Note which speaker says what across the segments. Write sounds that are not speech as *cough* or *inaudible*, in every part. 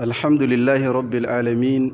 Speaker 1: الحمد لله رب العالمين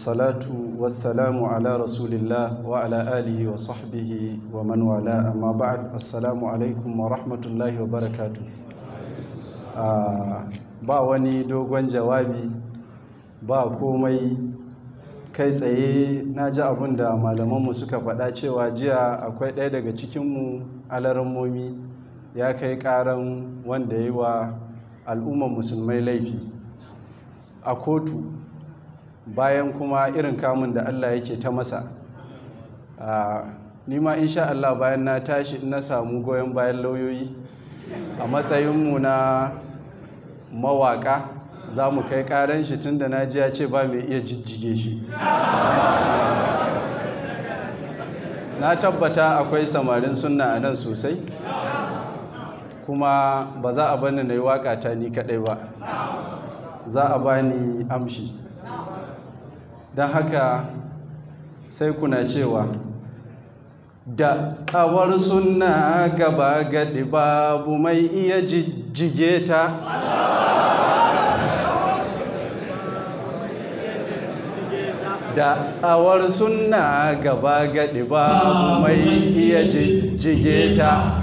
Speaker 1: والصلاة والسلام على رسول الله وعلى آله وصحبه ومن والاه أما بعد السلام عليكم ورحمة الله وبركاته ba wani dogon jawabi ba komai kai tsaye na ji abin da malamanmu suka faɗa cewa jiya akwai ɗaya daga cikinmu alarammomi ya kai ƙaran wanda yi wa al'ummar musulmai laifi a kotu bayan kuma irin kamun da Allah yake ta masa nima insha Allah bayan na tashi na samu goyon bayan lauyoyi a matsayinmu na mawaka za mu kai karen shi tun da na ji ya ce ba mai iya jijjige shi na tabbata akwai samarin sunna a nan sosai kuma ba za a bani na yi waka ta ni kadai ba za a bani amshi don haka sai kuna cewa da awar suna gaba gadi babu mai iya jijjige ta da awar suna gaba gadi babu mai iya jijjige ta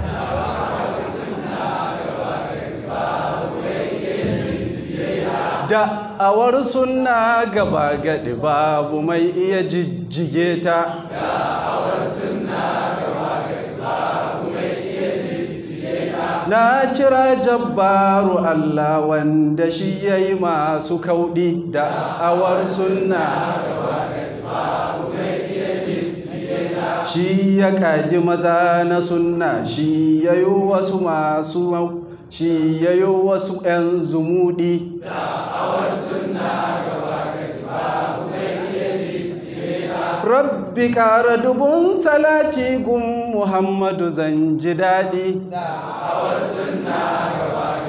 Speaker 1: da da'awar sunna gaba gadi babu mai iya jijjige ta
Speaker 2: gaba babu mai iya jijjige ta na
Speaker 1: kira jabbaru Allah wanda shi ya yi masu kaudi da'awar sunna
Speaker 2: gaba babu mai iya
Speaker 1: shi ya kaji maza na sunna shi ya yi wasu masu shi ya yi wasu 'yan zumuɗi da
Speaker 2: a wasu na gaba gaba
Speaker 1: rabbi ƙara dubun salati gun muhammadu zan ji daɗi da
Speaker 2: a wasu na gaba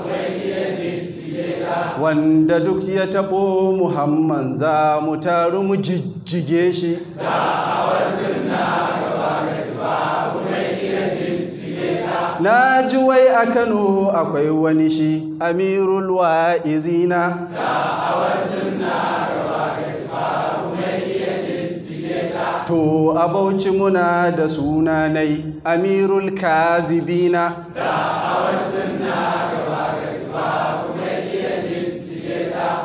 Speaker 2: gaba
Speaker 1: wanda duk ya taɓo muhammadu za mu taru mu jijjige shi da
Speaker 2: a wasu na gaba
Speaker 1: na ji wai a Kano akwai wani shi amirul wa'izina To a Bauchi muna da sunanai amirul kazibina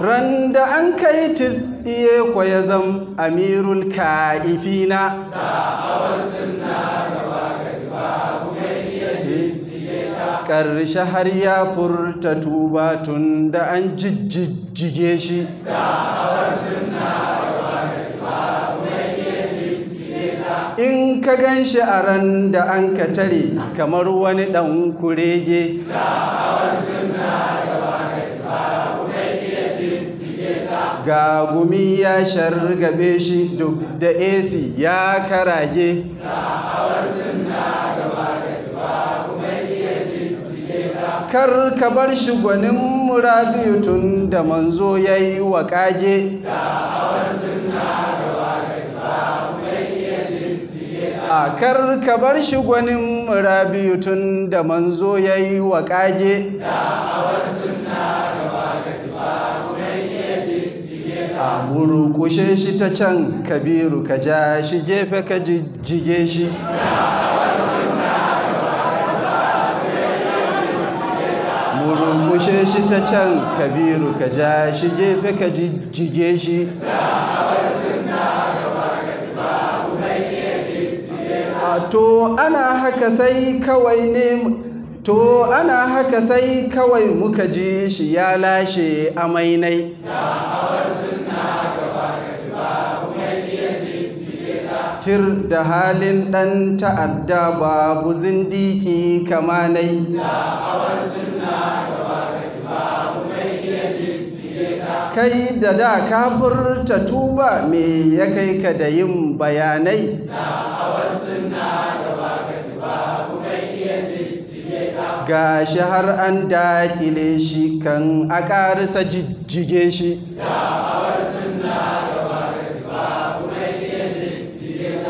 Speaker 1: Ran da an kai tsiye kwa ya zam amirul ka'ifina Da
Speaker 2: awar sunna
Speaker 3: gaba gari ba kuma
Speaker 1: ƙarshe har ya furta tuba tun da an jijjige shi in ka gan shi a ran da an ka tare kamar wani ɗan kurege ga gumi ya shargabe shi duk da esi ya karage kar ka bar shi gwanin murabi tun da manzo ya yi wa ƙage a kar ka bar shi gwanin murabi tun da manzo ya yi wa ƙage a murƙushe shi ta can kabiru ka ja shi gefe ka jijjige shi Taushe shi ta can kabiru ka ja shi gefe ka jijjige shi. To ana haka sai kawai ne To ana haka sai kawai muka ji shi ya lashe amainai. Tir da halin ɗan ta'adda babu zindiki kamanai. Da
Speaker 2: Da'awar sunna kai
Speaker 1: da da ka furta tuba me ya kai ka da yin bayanai ga shi har an dakile shi kan a ƙarisa jijjige shi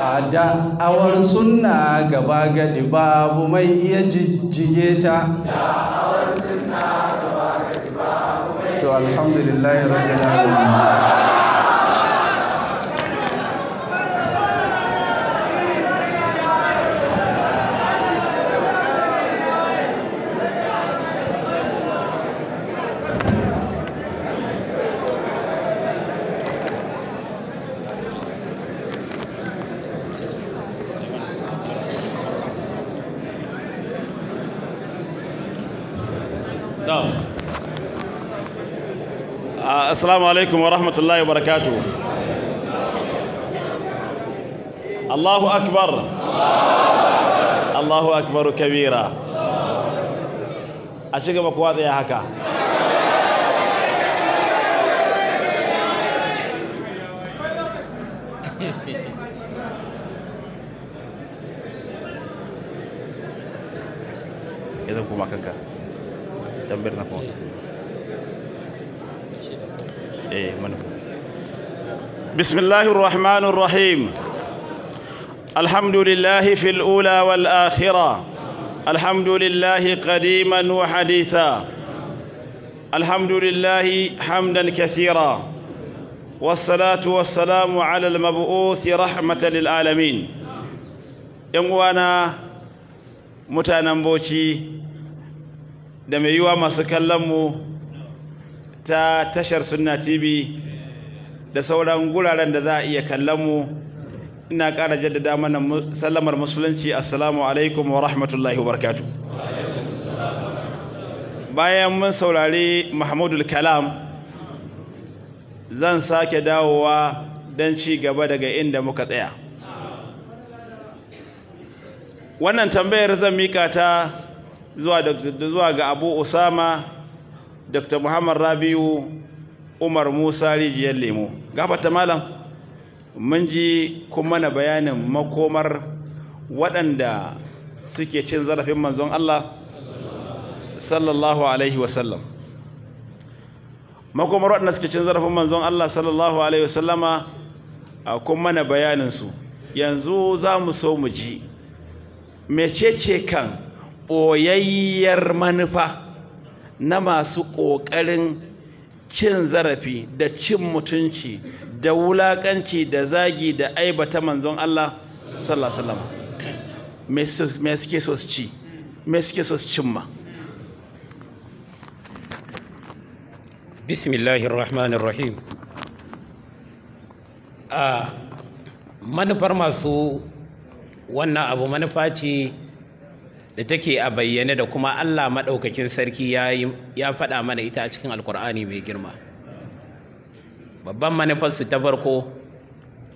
Speaker 1: a da'awar suna gaba gadi babu mai iya jijjige ta da'awar suna gaba تو الحمد لله رب العالمين
Speaker 4: Uh, assalamu alaikum wa rahmatullahi wa barakatu Allahu akbar Allahu akbar kabira a shiga kuwa tsaye haka *laughs* idan kuma kanka tambayar na kuma بسم الله الرحمن الرحيم الحمد لله في الأولى والآخرة الحمد لله قديما وحديثا الحمد لله حمدا كثيرا والصلاة والسلام على المبعوث رحمة للعالمين يموانا mutanen boci da mai yiwa masu kallonmu ta tashar sunna tv da sauran guraren da za a iya kallon mu ina ƙara jaddada mana sallamar musulunci assalamu alaikum wa rahmatullahi wa barakatu bayan mun saurari mahmudul kalam zan sake dawowa don ci gaba daga inda muka tsaya wannan tambayar zan mika ta zuwa ga abu usama dr muhammad rabiu umar musa rijiyar lemo gabata malam mun ji kuma na bayanin makomar waɗanda suke cin zarafin manzon Allah sallallahu alaihi wasallam makomar waɗanda suke cin zarafin manzon Allah sallallahu alaihi wasallama a kuma na bayaninsu yanzu za mu so mu ji mecece kan ɓoyayyar manufa na masu ƙoƙarin cin zarafi da cin mutunci da wulakanci da zagi da aibata manzon Allah sallallahu alaihi me suke so su ci me suke so su cimma bismillahir rahmanir rahim
Speaker 5: ah, manufar masu wannan abu manufa ce da take a bayyane da kuma Allah maɗaukakin sarki ya faɗa mana ita a cikin alkur'ani mai girma babban manufarsu ta farko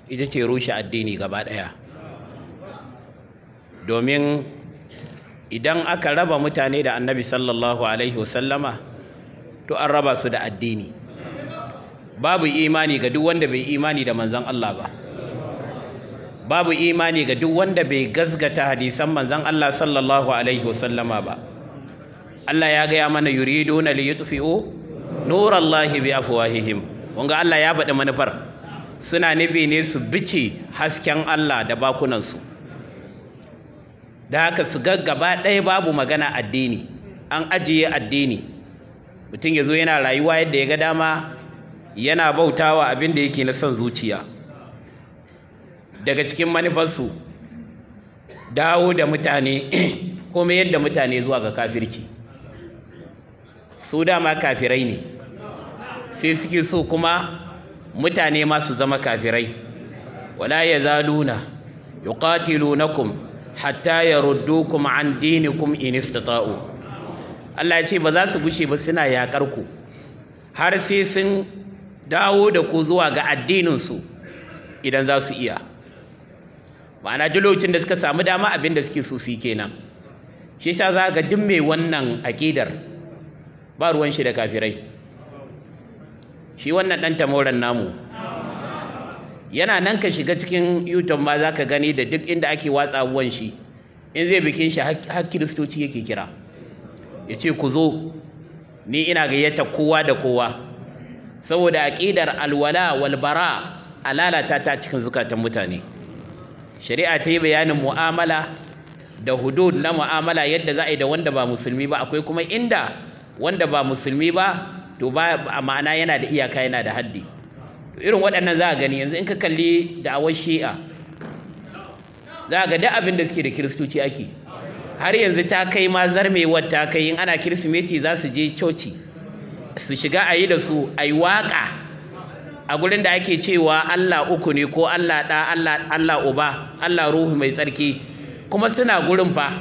Speaker 5: ita ce rushe addini gaba ɗaya domin idan aka raba mutane da annabi sallallahu alaihi wasallama to an raba su da addini babu imani ga duk wanda bai imani da manzon Allah ba babu imani ga duk wanda bai gazgata hadisan manzon Allah sallallahu alaihi wasallama ba Allah ya gaya mana yuriduna li yutfi'u nurallahi wanga Allah ya baɗi manufar suna nufi ne su bice hasken Allah da bakunansu da haka su gaggaba ɗaya babu magana addini an ajiye addini mutum ya zo yana rayuwa yadda ya ga dama yana bautawa abin da yake na son zuciya daga cikin manufarsu dawo da mutane *clears throat* kome yadda mutane zuwa ga kafirci su dama kafirai ne sai suke so kuma mutane masu zama kafirai wala ya ya na kum hatta ya kuma an dinikum inista istata'u Allah ya ce ba za su gushe ba suna yaƙar ku har sai sun dawo da ku zuwa ga addininsu idan za su iya ma'ana duk da suka samu dama abin da suke so su kenan shi yasa za ga duk mai wannan akidar ba ruwan shi da kafirai shi wannan dan tamoran namu yana nan ka shiga cikin YouTube ma za ka gani da duk inda ake watsa abuwan shi in zai bikin shi har kiristoci yake kira ya ce ku zo ni ina gayyata kowa da kowa saboda aƙidar alwala walbara a lalata ta cikin zukatan mutane shari'a ta yi bayanin mu'amala da hudud na mu'amala yadda za a yi da wanda ba musulmi ba akwai kuma inda wanda ba musulmi ba to ba ma'ana yana da iyaka yana da haddi irin waɗannan za a gani yanzu in ka kalli da'awar shi'a za a ga duk abin da suke da kiristoci ake har yanzu ta kai ma zarmewar ta kai in ana kirsimeti za su je coci su shiga a yi da su a yi waƙa a gurin da ake cewa Allah uku ne ko Allah ɗa Allah Allah uba Allah ruhu mai tsarki kuma suna gurin fa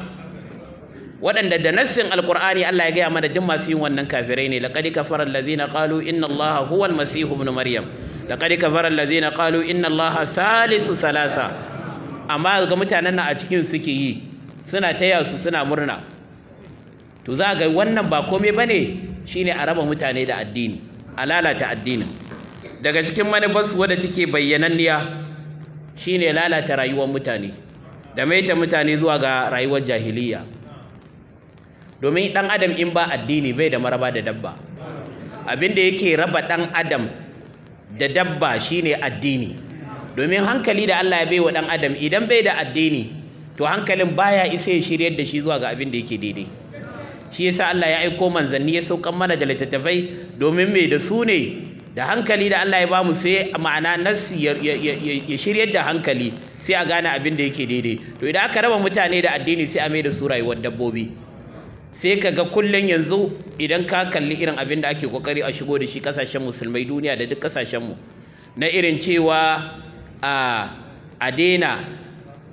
Speaker 5: waɗanda da nassin alkur'ani Allah ya gaya mana duk masu yin wannan kafirai ne laqad kafara allazina qalu inna allaha huwa almasih ibn maryam laqad kafara allazina qalu inna allaha salisu salasa amma ga mutanen nan a cikin suke yi suna taya su suna murna to za ga wannan ba komai bane shine a raba mutane da addini a lalata addinin daga
Speaker 4: cikin manufarsu
Speaker 5: wadda take bayyananniya shine lalata rayuwar mutane da maita mutane zuwa ga rayuwar jahiliya domin dan adam in ba addini bai da maraba da dabba abinda yake raba dan adam da dabba shine addini domin hankali da Allah ya bai wa dan adam idan bai da addini to hankalin baya isa ya shiryar da shi zuwa ga abinda yake daidai shi yasa Allah ya aiko manzanni ya saukan mana da littattafai domin mai da su ne da hankali da Allah ya ba mu sai ma'ana nassi ya shiryar da hankali sai a gane abin da yake daidai to idan aka raba mutane da addini sai a mai da su rayuwar dabbobi sai ka ga kullum yanzu idan ka kalli irin abin da ake kokari a shigo da shi kasashen musulmai duniya da duk kasashen mu na irin cewa a a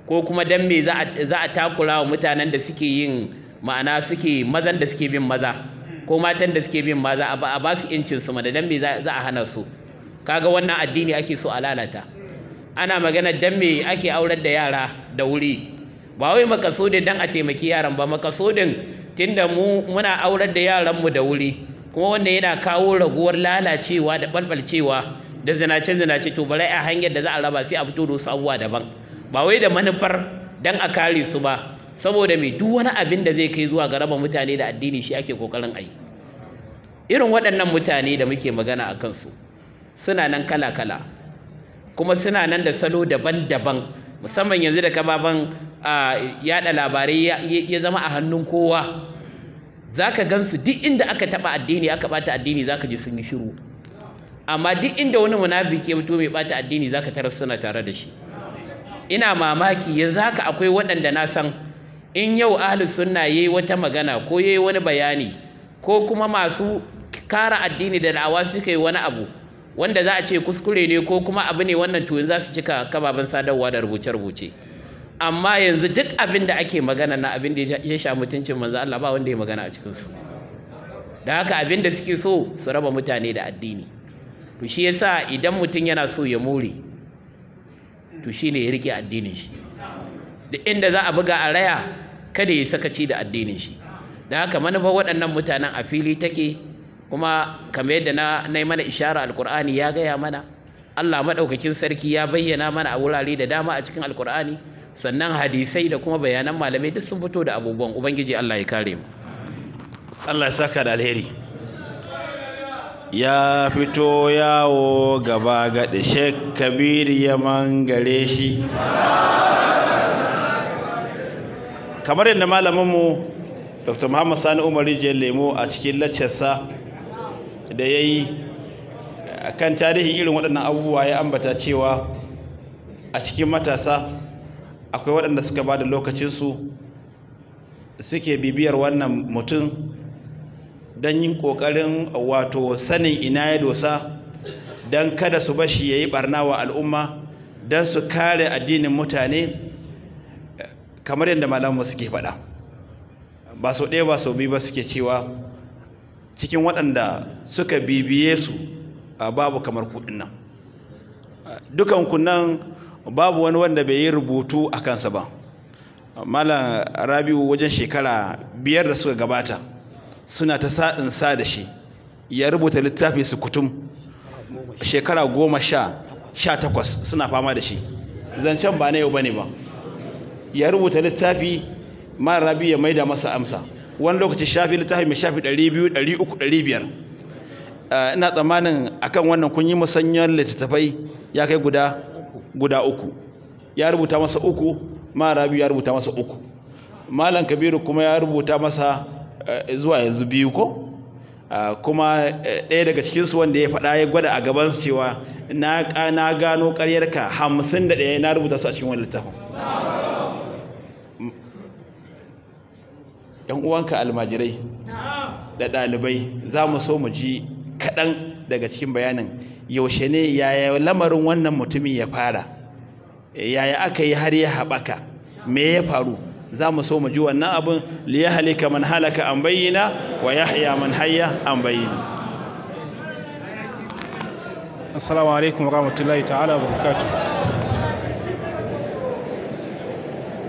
Speaker 5: ko kuma dan me za a takura wa mutanen da suke yin ma'ana suke mazan da suke bin maza ko matan da suke bin ma za a ba su incin su da me za a hana su kaga wannan addini ake so a lalata ana magana dan me ake aurar da yara da wuri ba wai makasudin dan a taimaki yaran ba makasudin tunda mu muna aurar da yaran mu da wuri kuma wannan yana kawo raguwar lalacewa da balbalcewa da zinace zinace to bari a hanyar da za a raba sai a fito da su abubuwa daban ba wai da manufar dan a kare su ba saboda mai duk wani abin da zai kai zuwa ga raba mutane da addini shi ake kokarin ayi irin waɗannan mutane da muke magana a kansu suna nan kala-kala kuma suna nan da salo daban-daban musamman yanzu da kababan yaɗa labarai ya zama a hannun kowa za ka gansu duk inda aka taɓa addini aka ɓata addini za ka ji sun yi shiru amma duk inda wani munafiki ya fito mai bata addini za ka tarar suna tare da shi ina mamaki yanzu haka akwai waɗanda na san in yau ahlus sunna yayi wata magana ko yayi wani bayani ko kuma masu kara addini da da'awa suka yi wani abu wanda za a ce kuskure ne ko kuma abu ne wannan tuwin za su cika kababen sadarwa da rubuce-rubuce amma yanzu duk abin da ake magana na abin da ya sha mutuncin manzo Allah ba wanda ya magana a cikin su da haka abin da suke so su raba mutane da addini to shi yasa idan mutum yana so ya more to shine ya rike addinin shi duk inda za a buga a raya kada ya sakaci da addinin shi da haka manufar waɗannan mutanen a fili take kuma kamar yadda na nai mana ishara alkur'ani ya gaya mana Allah maɗaukakin sarki ya bayyana mana a wurare da dama a cikin alkur'ani sannan hadisai da kuma bayanan malamai duk sun fito da abubuwan ubangiji Allah ya kare mu Allah ya saka da alheri
Speaker 4: ya fito yawo gaba ga shek kabir ya mangare shi kamar yadda malaminmu dr muhammad sani umar rijiyar lemo a cikin laccarsa da ya yi kan tarihin irin waɗannan abubuwa ya ambata cewa a cikin matasa akwai waɗanda suka ba da lokacinsu suke bibiyar wannan mutum don yin ƙoƙarin wato sanin ina ya dosa don kada su bashi ya yi ɓarna wa al'umma don su kare addinin mutane kamar yadda malamu suke faɗa ba sau ɗaya ba sau biyu ba suke cewa cikin waɗanda suka bibiye su babu kamar kuɗin nan dukan nan babu wani wanda bai yi rubutu a kansa ba malam rabiu wajen shekara biyar da suka gabata suna ta sa'in sa da shi ya rubuta littafi su kutum shekara goma sha sha takwas suna fama da shi zancen ba na yau ba ne ba ya rubuta littafi mara rabi ya maida masa amsa wani lokaci shafi littafi mai shafi 200 300 500 ina tsammanin akan wannan kun yi musanyar littattafai ya kai guda guda uku ya rubuta masa uku mara rabi ya rubuta masa uku malam kabiru kuma ya rubuta masa eh, zuwa yanzu biyu ko eh, kuma eh, ɗaya daga cikinsu wanda ya faɗa ya gwada a gabansu cewa na gano ƙaryarka hamsin da ɗaya na rubuta su a cikin wani littafin yan uwanka almajirai da ɗalibai za mu so mu ji kaɗan daga cikin bayanin yaushe ne yaya lamarin wannan mutumin ya fara yaya aka yi har ya haɓaka me ya faru za mu so mu ji wannan abin liya halika man halaka an bayyana wa haya man hayya
Speaker 6: an bayyana assalamu alaikum warahmatullahi ta'ala wa barakatuh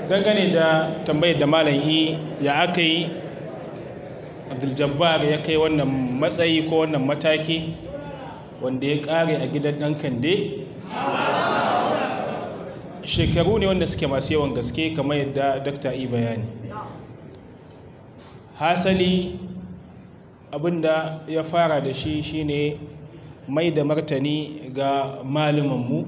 Speaker 6: dangane da tambayar da malam yi e, ya aka yi abdul ya kai wannan matsayi ko wannan mataki wanda ya kare a gidan ɗan kande shekaru ne wanda suke masu yawan gaske kamar yadda dr e bayani hasali abinda ya fara da shi shine mai da martani ga malumanmu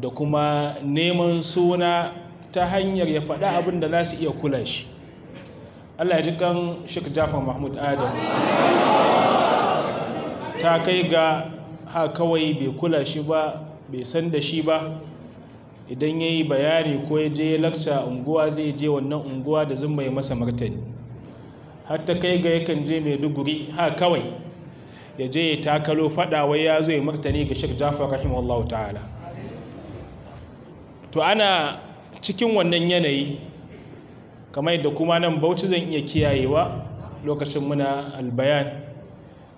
Speaker 6: da kuma neman suna ta hanyar ya faɗa abin da za su iya kula shi Allah ya ji kan Sheikh Jafar Mahmud Adam ta kai ga ha kawai bai kula shi ba bai san da shi ba idan ya yi bayani ko ya je lakca unguwa zai je wannan unguwa da zumba ya masa martani har ta kai ga yakan je mai duguri ha kawai ya je ya takalo wai ya zo ya martani ga shek jafar rahimahullahu ta'ala to ana cikin wannan yanayi kamar yadda kuma nan bauchi zan iya kiyayewa lokacin muna albayan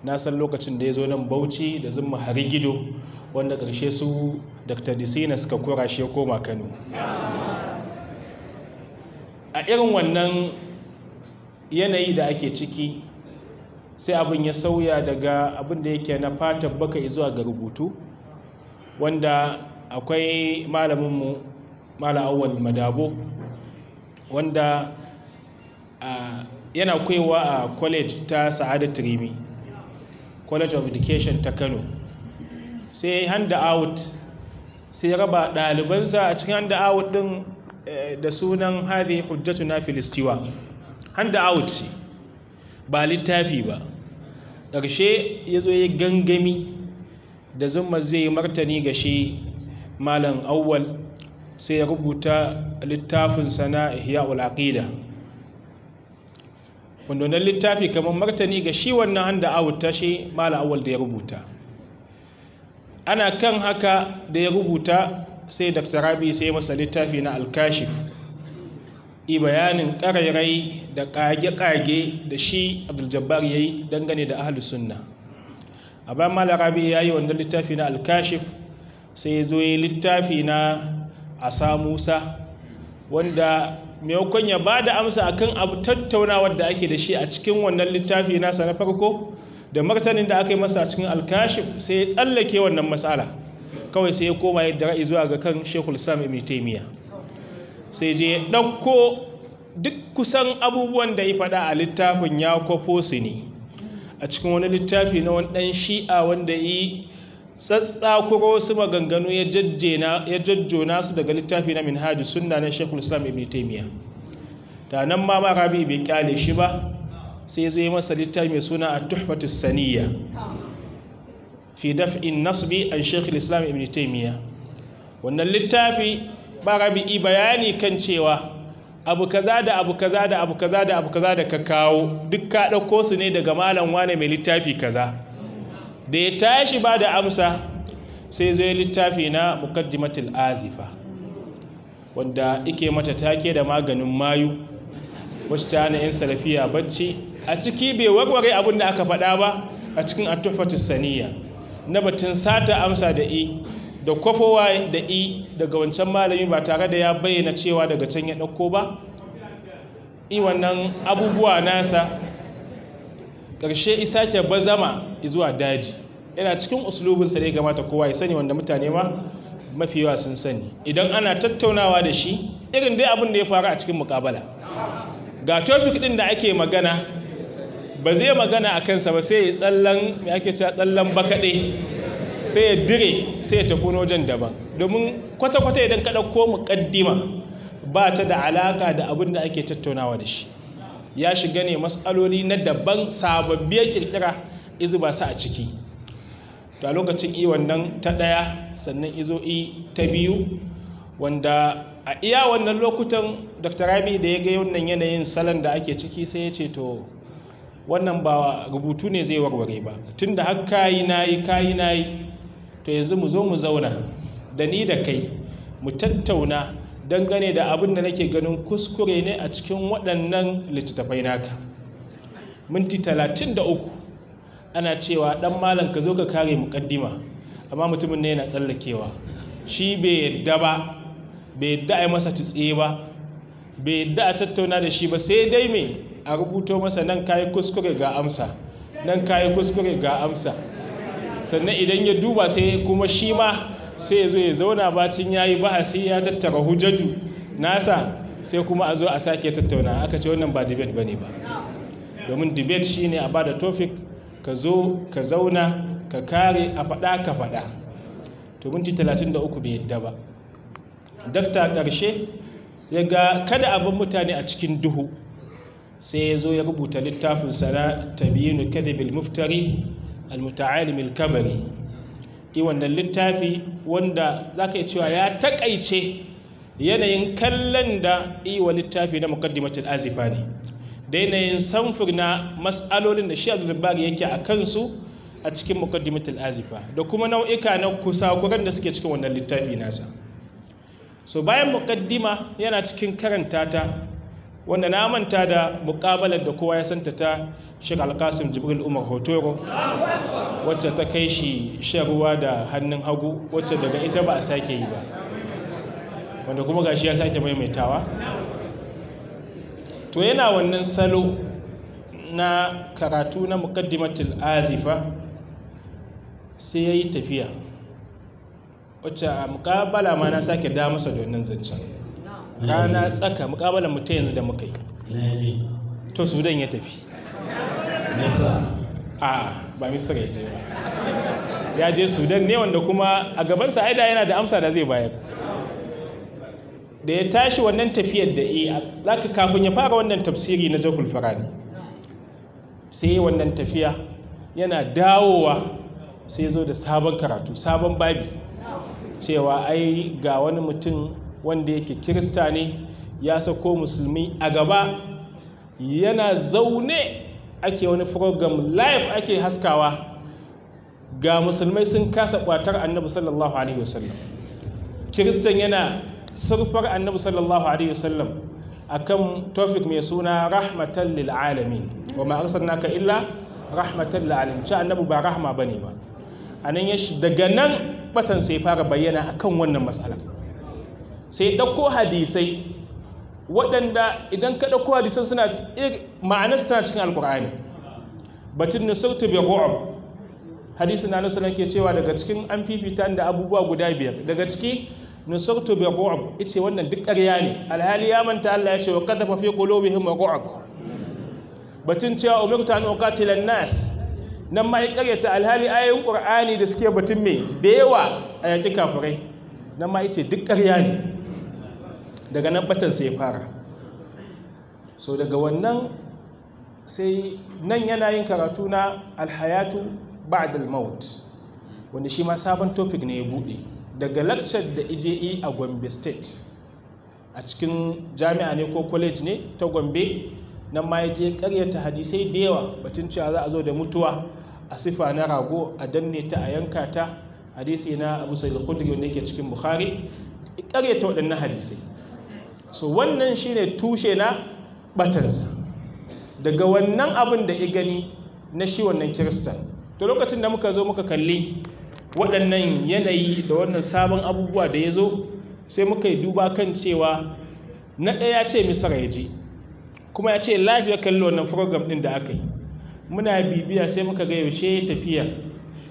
Speaker 6: na san lokacin da ya zo nan bauchi da zumma hari gido wanda ƙarshe su dr disina suka kura shi koma kano a irin wannan yanayi da ake ciki sai abin ya sauya daga abin da yake na fatan baka zuwa ga rubutu wanda akwai malaminmu mala awal madabo wanda yana kwaiwa a college ta Sa'ada trimi college of education ta kano sai ya hand out sai ya raba ɗalibansa a cikin hand out ɗin eh, da sunan hadhi na filistiwa hand out ce ba littafi ba ƙarshe ya zo ya gangami da zuma zai martani ga shi malam Auwal. sai ya rubuta littafin na ihya'ul aqida wanda wannan littafi kamar martani ga shi wannan handa awuta shi mala awal da ya rubuta ana kan haka da ya rubuta sai dr rabi sai masa littafi na alkashif i bayanin ƙarairai da ƙage-ƙage da shi abdul ya yi dangane da ahalus sunna a bayan mala rabi ya yi wannan littafi na alkashif sai ya zo littafi na Asa musa wanda maimakon ya ba da amsa akan abu tattaunawar da ake da shi a cikin wannan littafi nasa na farko da martanin da aka yi masa a cikin alkashif sai ya tsallake wannan matsala kawai sai ya koma yadda ra'i zuwa ga kan shekul sam ibn taimiyya. sai je ɗauko duk kusan abubuwan da ya faɗa a littafin ya kwafo su ne a cikin wani littafi na wani ɗan shi'a wanda yi sassakuro su maganganu ya jajjona su daga littafi na minhaji sunna na shekul islam ibn taimiyya ta nan ma marabi bai kyale shi ba sai zai masa littafi mai suna a tuhfatus saniya fi daf'in nasbi a shekul islam ibn taimiyya wannan littafi marabi bayani kan cewa abu kaza da abu kaza da abu kaza da abu kaza da ka kawo duk ka ɗauko su ne daga malam wane mai littafi kaza da ya tashi ba da amsa sai zai littafi na mukaddimatul azifa wanda ike mata take da maganin mayu wacce ta hana 'yan salafiya bacci a ciki bai warware abin da aka faɗa ba a cikin atufatus saniya na batun sata amsa da i da kwafowa da i daga wancan malami ba tare da ya bayyana cewa daga can ya ɗauko ba i wannan abubuwa nasa ƙarshe isa ke bazama zuwa daji yana cikin uslubinsa da ya gamata kowa ya sani wanda mutane ma mafi yawa sun sani idan ana tattaunawa da shi irin dai abin da ya faru a cikin mukabala ga topic din da ake magana ba zai magana a kansa ba sai ya tsallan me ake cewa tsallan bakaɗe sai ya dire sai ya tafi wajen daban domin kwata-kwata idan ka ɗauko muƙaddima ba ta da alaƙa da abin da ake tattaunawa da shi ya shiga ne matsaloli na daban sababbiyar kirkira izu ba su a ciki to a lokacin i wannan ta ɗaya sannan izo i ta biyu wanda a iya wannan lokutan dr rami da ya ga wannan yanayin salon da ake ciki sai ya ce to wannan ba rubutu ne zai warware ba tun da haka yi na yi ka yi na yi to yanzu mu zo mu zauna da ni da kai mu tattauna dangane da abin da nake ganin kuskure ne a cikin waɗannan littattafai naka minti talatin da uku ana cewa ɗan malam ka zo ka kare muƙaddima amma mutumin ne yana tsallakewa shi bai yadda ba bai yadda a yi masa tutse ba bai yadda a tattauna da shi ba sai dai mai a rubuto masa nan kayi kuskure ga amsa nan kayi kuskure ga amsa sannan idan ya duba sai kuma shi ma sai ya zo ya zauna bacin ya yi ba'asi ya tattara hujjaju nasa sai kuma a zo a sake tattauna aka ce wannan ba debate ba ne ba domin debate ne a ba da topic ka zo ka zauna ka kare a faɗa ka faɗa to minti 33 bai yadda ba dakta ƙarshe ya ga kada abin mutane a cikin duhu sai ya zo ya rubuta littafin sana tabiyinu kadibil muftari al-muta'alim al-kabari yi wannan littafi wanda za ka yi cewa ya taƙaice yanayin kallon da yi wa littafi na mukaddimatul azifa ne da yanayin samfur na mas'alolin da shi abdulbari yake a kansu a cikin mukaddimatul azifa da kuma nau'ika na kusa kusakuran da suke cikin wannan littafi nasa so bayan mukaddima yana cikin karanta ta wanda na manta da muƙabalar da kowa ya santa ta Sheikh Alkasim Jibril Umar Hotoro wacce ta kai shi shan ruwa da hannun hagu wacce daga ita ba a sake yi ba wanda kuma gashi ya sake maimaitawa to yana wannan salo na karatu na muqaddimatul azifa sai yayi tafiya wacce a mukabala ma na sake da masa da wannan zancen rana tsaka mukabalan mu ta yanzu da muka yi to sudan ya tafi a ba misir ya je ba ya je sudan ne wanda kuma a gabansa aida yana da amsa da zai bayar da ya tashi wannan tafiyar da iya za ka kafin ya fara wannan tafsiri na jakul farani sai wannan tafiya yana dawowa sai zo da sabon karatu sabon babi cewa ai ga wani mutum wanda yake kirista ne ya sako musulmi a gaba yana zaune ake wani program live ake haskawa ga musulmai sun kasa kwatar annabi sallallahu alaihi wasallam kiristan yana surfar annabi sallallahu alaihi wasallam akan topic mai suna rahmatan lil alamin wa ma arsalnaka illa rahmatan lil alamin cha annabi ba rahma bane ba anan ya daga nan batan sai fara bayyana akan wannan matsala sai dauko hadisai waɗanda idan ka ɗauko hadisan suna eh, ma'anar suna cikin alkur'ani batun na sautu bai go'ab hadisi na nasu ke cewa daga cikin an fifita da abubuwa guda biyar daga ciki nusartu bi ru'b ice wannan duk ƙarya ne alhali ya manta Allah ya ce wa kadafa fi himma ru'b batun cewa ta an uqatila nas nan ma ya ƙaryata alhali ayoyin ƙur'ani da suke batun mai da yawa a yaki kafirai nan ma duk ƙarya ne daga nan batan sai fara so daga wannan sai nan yana yin karatu na alhayatu ba'd al-maut wanda shi ma sabon topic ne ya bude daga lecture da IJE a Gombe State a cikin jami'a ne ko college ne ta Gombe nan ma ya je karyata hadisai da yawa batun cewa za a zo da mutuwa a sifa na rago a danne ta a yanka ta hadisi na Abu Sa'id al-Khudri wanda yake cikin Bukhari karyata waɗannan hadisai so wannan shine tushe na batansa daga wannan abin da ya gani na shi wannan kiristan to lokacin da muka zo muka kalli waɗannan yanayi da wannan sabon abubuwa da ya zo sai muka yi duba kan cewa na ɗaya ce misara ya je kuma ya ce lafiya kalli wannan program ɗin da aka yi muna bibiya sai muka ga yaushe ya tafiya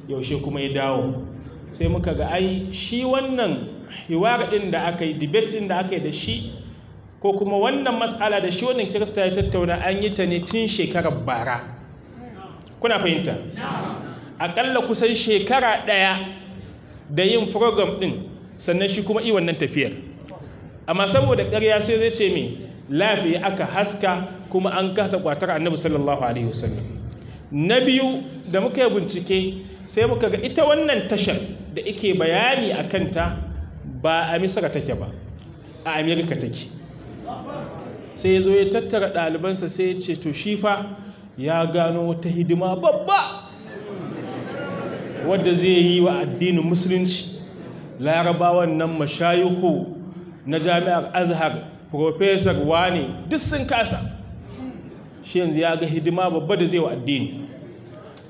Speaker 6: yaushe kuma ya dawo sai muka ga ai shi wannan hiwar ɗin da aka yi debate ɗin da aka yi da shi ko kuma wannan matsala da shi wannan kirista ya tattauna an yi ta ne tun shekarar bara kuna fahimta aƙalla kusan shekara ɗaya da yin program ɗin sannan shi kuma i wannan tafiyar amma saboda ƙarya sai zai ce mai lafiya aka haska kuma an kasa kwatar annabi sallallahu alaihi wasallam na biyu da muka yi bincike sai muka ga ita wannan tashar da ike bayani a kanta ba a misira take ba a amerika take sai ya zo ya tattara ɗalibansa sai ya ce to shi fa ya gano wata hidima babba wadda zai yi wa addinin musulunci larabawan nan mashayuhu na jami'ar azhar profesor wane duk sun kasa shi yanzu ya ga hidima babba da zai wa addini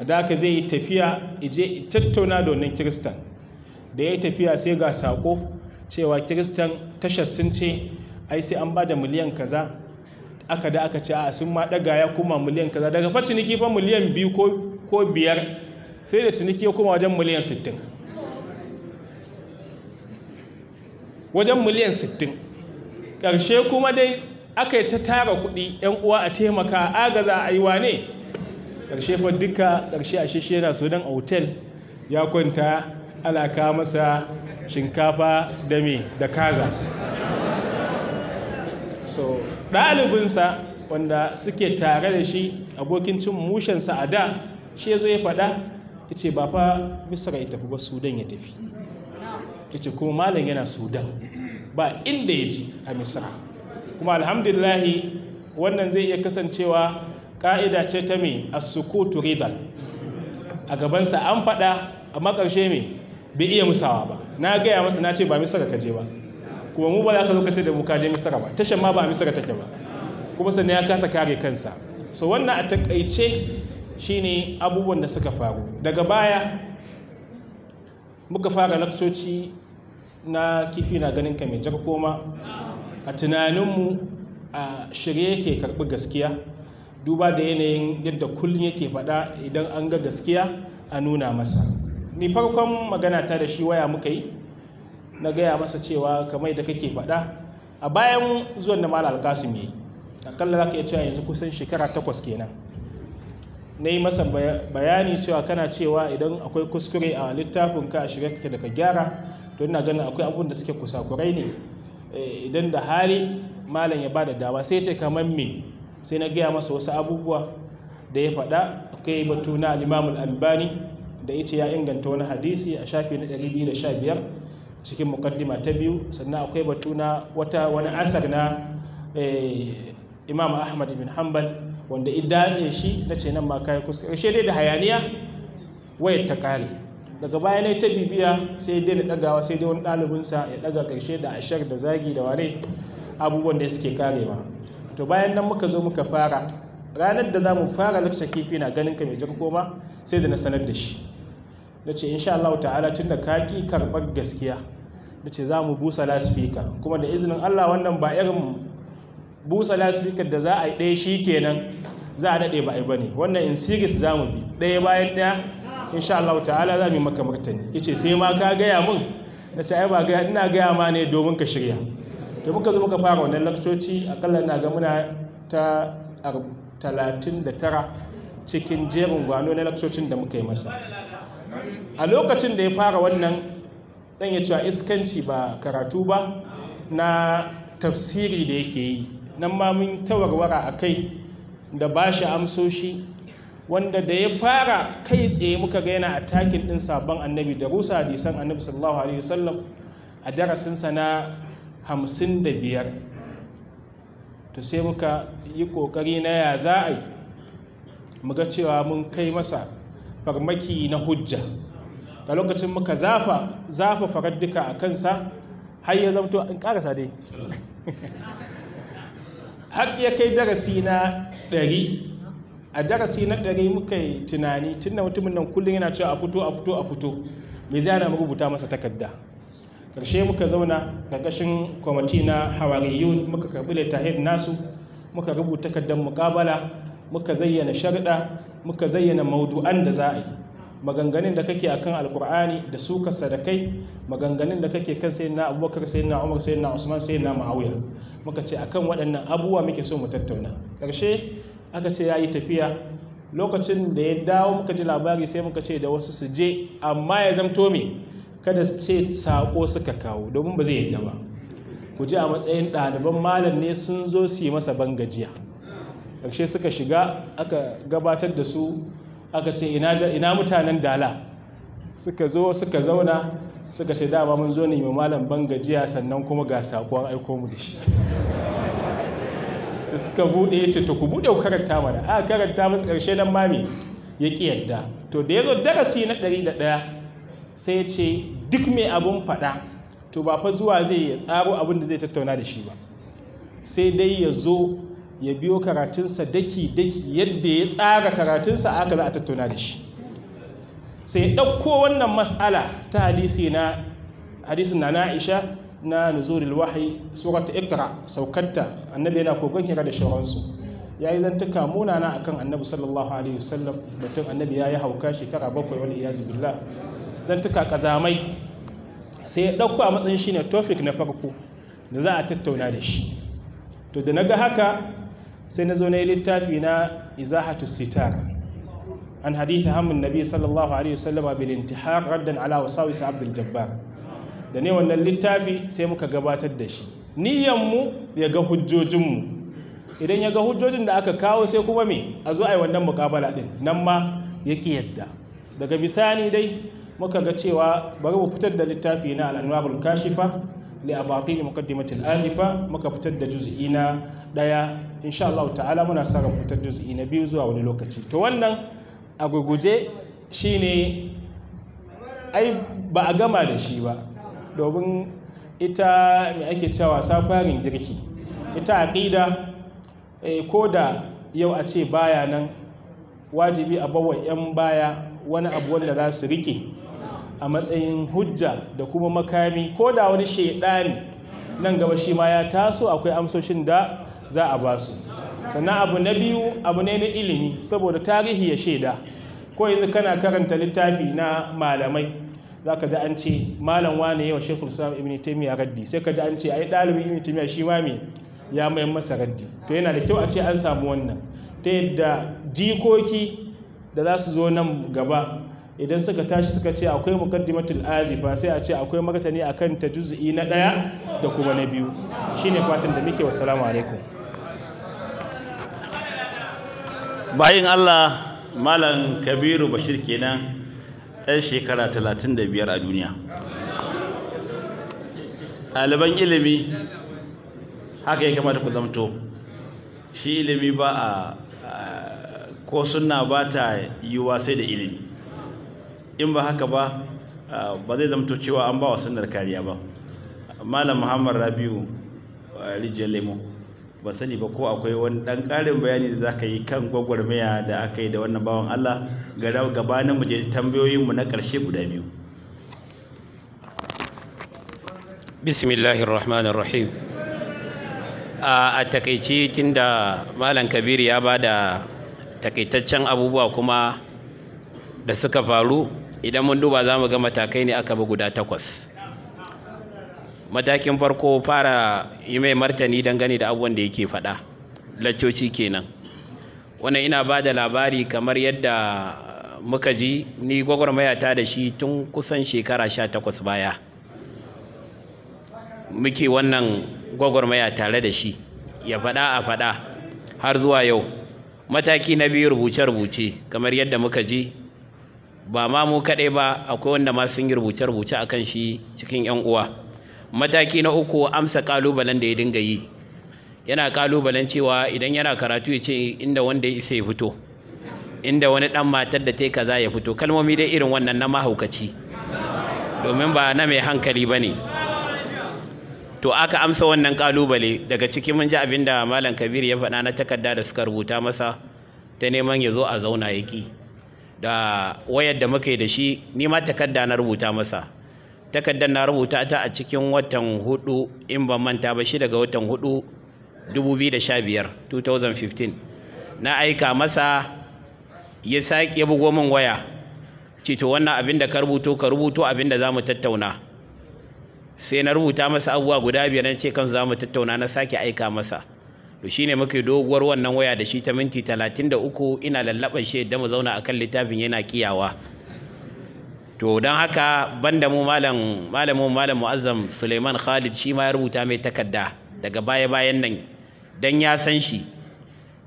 Speaker 6: da haka zai yi tafiya ije tattauna da wannan kiristan da ya yi tafiya sai ga sako cewa kiristan tashar sun ce ai sai an ba da miliyan kaza aka da aka ce a sun ma daga ya kuma miliyan kaza daga fa ciniki fa miliyan biyu ko biyar sai da ciniki ya kuma wajen miliyan sittin wajen miliyan sittin ƙarshe kuma dai aka yi ta tara kuɗi yan uwa a taimaka agaza a yi ne ƙarshe fa duka ƙarshe a shishe na sudan a hotel ya kwanta alaka masa shinkafa da me da kaza so ɗalibinsa wanda suke tare da shi abokin cin mushensa a da shi ya zo ya faɗa ya ce ba fa misra ya tafi ba sudan ya tafi ya ce kuma malam yana sudan ba inda ya ji a misra kuma alhamdulillahi wannan zai iya kasancewa ka'ida ce ta mai a Sukutu ridan a gabansa an faɗa a ƙarshe mai bai iya musawa ba na gaya masa na ce ba misra ka je ba kuma mu ba za ka zo da mu ka je misira ba tashar ma ba a misira take ba kuma sannan ya kasa kare kansa so wannan a takaice shine abubuwan da suka faru daga baya muka fara lakcoci na kifi na ganin ka mai jar koma a tunaninmu a shirye yake karɓi gaskiya duba da yanayin yadda kullum yake faɗa idan an ga gaskiya a nuna masa ni farkon magana ta da shi waya muka yi na gaya masa cewa kamar da kake faɗa a bayan zuwan da mala alkasim yi akalla za ka iya cewa yanzu kusan shekara takwas kenan na yi masa bayani cewa kana cewa idan akwai kuskure a littafin ka a kake da ka gyara to ina ganin akwai abubuwan da suke kusakurai ne eh, idan da hali malam ya ba da dama sai ce kamar me sai na gaya masa wasu abubuwa da ya faɗa akwai batu na alimamul albani da ya ce ya inganta wani hadisi a shafi na 215 cikin mukaddima ta biyu sannan akwai batu na wata wani athar na eh, imam ahmad ibn hanbal wanda idatse shi na ce nan ma kayan kuskure shi dai da hayaniya wayar ta kare daga baya ya ta bibiya sai dai da dagawa sai dai wani ɗalibinsa ya daga karshe da ashar da zagi da ware abubuwan da suke karewa to bayan nan muka zo muka fara ranar da za mu fara lakta kifi na ganin ka mai jirgoma sai da na sanar da shi na ce insha Allah ta'ala tun da ka ƙi karɓar gaskiya na ce za mu busa laspikar kuma da izinin Allah wannan ba irin busa laspikar da za a yi ɗaya shi kenan za a daɗe ba a yi ba ne wannan in siris za mu bi ɗaya bayan ɗaya insha Allah ta'ala za mu yi maka martani ya ce sai ma ka gaya min na ce ai ba gaya ina gaya ma ne domin ka shirya da muka zo muka fara wannan lakcoci akalla na ga muna ta 39 cikin jerin gwano na lakcocin da muka yi masa a lokacin da ya fara wannan dan ya cewa iskanci ba karatu ba na tafsiri da yake yi nan ma mun tawarwara a kai da ba shi amsoshi wanda da ya fara kai tsaye muka ga yana takin ɗin sabon annabi da rusa san annabi sallallahu alaihi wasallam a darasinsa na hamsin da biyar to sai muka yi ƙoƙari na ya za a yi muga cewa mun kai masa farmaki na hujja da lokacin muka zafa zafa duka a kansa har ya zamto in karasa dai *laughs* har ya kai darasi na ɗari a darasi na ɗari muka yi tunani tun da mutumin nan kullum yana cewa a fito a fito a fito me zai ana rubuta masa takarda ƙarshe muka zauna ƙarƙashin kwamiti na hawariyun muka karɓi littafin nasu muka rubuta takardar muƙabala muka zayyana sharɗa muka zayyana maudu'an da za a yi maganganun da kake akan alkur'ani da suka sadakai maganganun da kake kan na abubakar na umar na usman na Ma'auya muka ce akan waɗannan abubuwa muke so mu tattauna ƙarshe aka ce ya yi tafiya lokacin da ya dawo muka ji labari sai muka ce da wasu su je amma ya zamto me kada su ce sako suka kawo domin ba zai yadda ba ku ji a matsayin ɗaliban malam ne sun zo su yi masa gajiya. ƙarshe suka shiga aka gabatar da su aka ce ina mutanen dala suka zo suka zauna suka ce dama mun zo ne mai malam ban gajiya sannan kuma ga sakon aiko mu da shi da suka buɗe ya ce to ku buɗe karanta mana a karanta masu ƙarshe nan mami ya ƙi yadda to da ya zo darasi na ɗari da ɗaya sai ya ce duk mai abun faɗa to ba fa zuwa zai ya tsaro abin da zai tattauna da shi ba sai dai ya zo ya biyo karatunsa daki-daki yadda ya tsara karatunsa aka za a tattauna da shi sai ɗauko wannan matsala ta hadisi na hadisin na na'isha na nuzuril wahayi surat ikra saukanta annabi yana kogon kira da shawaransu ya yi zantuka munana akan annabi sallallahu alaihi wasallam batun annabi ya yi hauka shekara bakwai wani iyazu billah zantuka kazamai sai ya ɗauko a matsayin shine tofik na farko da za a tattauna da shi to da na ga haka sai na zo na yi littafi na izahatu sitar an haditha hamun nabi sallallahu alaihi wasallam bil intihar raddan ala wasawis abdul jabbar da ne wannan littafi sai muka gabatar da shi niyyar mu ya ga hujjojin mu idan ya ga hujjojin da aka kawo sai kuma me a zo ai wannan mukabala din nan ma ya ki yadda daga bisani dai muka ga cewa bari mu fitar da littafi na al-anwarul kashifa li abatil muqaddimatil azifa muka fitar da juz'i na ɗaya. insha Allah ta'ala muna sa ran fitar juz'i na biyu zuwa wani lokaci to wannan a shi shine ai ba a gama da shi ba domin ita mai ake cewa safarin girki ita aqida eh, ko da yau a ce baya nan wajibi a bawa 'yan baya wani abu wanda za su rike a matsayin hujja da kuma makami ko da wani shaidani nan gaba shi ma ya taso akwai amsoshin da za a ba su sannan abu na biyu abu ne na ilimi saboda tarihi ya shaida ko yanzu kana karanta littafi na malamai za ka ji an ce malam wane yawa shekul islam ibn taimiyar raddi sai ka ji an ce ai ɗalibin ibn taimiyya shi ma me ya mayan masa raddi to yana da kyau a ce an samu wannan ta yadda jikoki da za su zo nan gaba idan suka tashi suka ce akwai mukaddimatul azifa sai a ce akwai martani akan ta juzu'i na ɗaya da kuma na biyu shine fatan da muke wassalamu alaikum bayan Allah malam kabiru bashir
Speaker 4: kenan ɗan shekara talatin da biyar a duniya ɗaliban ilimi haka ya kamata ku zamto shi ilimi ba a ko suna ba ta yiwuwa sai da ilimi in ba haka ba ba zai zamto cewa an ba wa sunnar kariya ba malam muhammad rabiu rijiyar lemo ba sani ba ko akwai wani dan karin bayani da zaka yi kan gwagwarmaya da aka yi da wannan bawan Allah ga gabanin mu je tambayoyin mu na karshe guda biyu
Speaker 5: bismillahir rahmanir rahim a tunda malam Kabiru ya bada takaitaccen abubuwa kuma da suka faru idan mun duba za mu ga matakai ne aka bi guda takwas matakin farko fara yi mai martani dangane da abubuwan da yake faɗa laccoci kenan wannan ina ba da labari kamar yadda muka ji ni gwagwarmayata da shi tun kusan shekara sha takwas baya muke wannan gwagwarmaya tare da shi ya faɗa a faɗa har zuwa yau mataki na biyu rubuce-rubuce kamar yadda muka ji ba ma mu kaɗai ba akwai wanda ma sun yi rubuce-rubuce a kan shi cikin 'yan uwa mataki na uku amsa kalubalen da ya dinga yi yana kalubalen cewa idan yana karatu ya ce inda wanda ya isa ya fito inda wani dan matar da ta yi kaza ya fito kalmomi dai irin wannan na mahaukaci domin ba na mai hankali ba ne to aka amsa wannan kalubale daga cikin mun ji abin da malam kabir ya faɗa na takarda da suka rubuta masa ta neman ya zo a zauna ya ki da wayar da muka yi da shi ni ma takarda na rubuta masa takardar na rubuta ta a cikin watan hudu in ban manta ba shi daga watan hudu 2015 2015 na aika masa ya sake bugo min waya ce to wannan abin da ka rubuto ka rubuto abin da zamu tattauna sai na rubuta masa abubuwa guda biyar na ce kan zamu tattauna na sake aika masa to shine muke doguwar wannan waya da shi ta minti 33 ina lallaban shi da mu zauna akan littafin yana kiyawa to don haka banda mu malam malamu malam mu'azzam Suleiman Khalid shi ma ya rubuta mai takarda daga baya-bayan nan dan ya san shi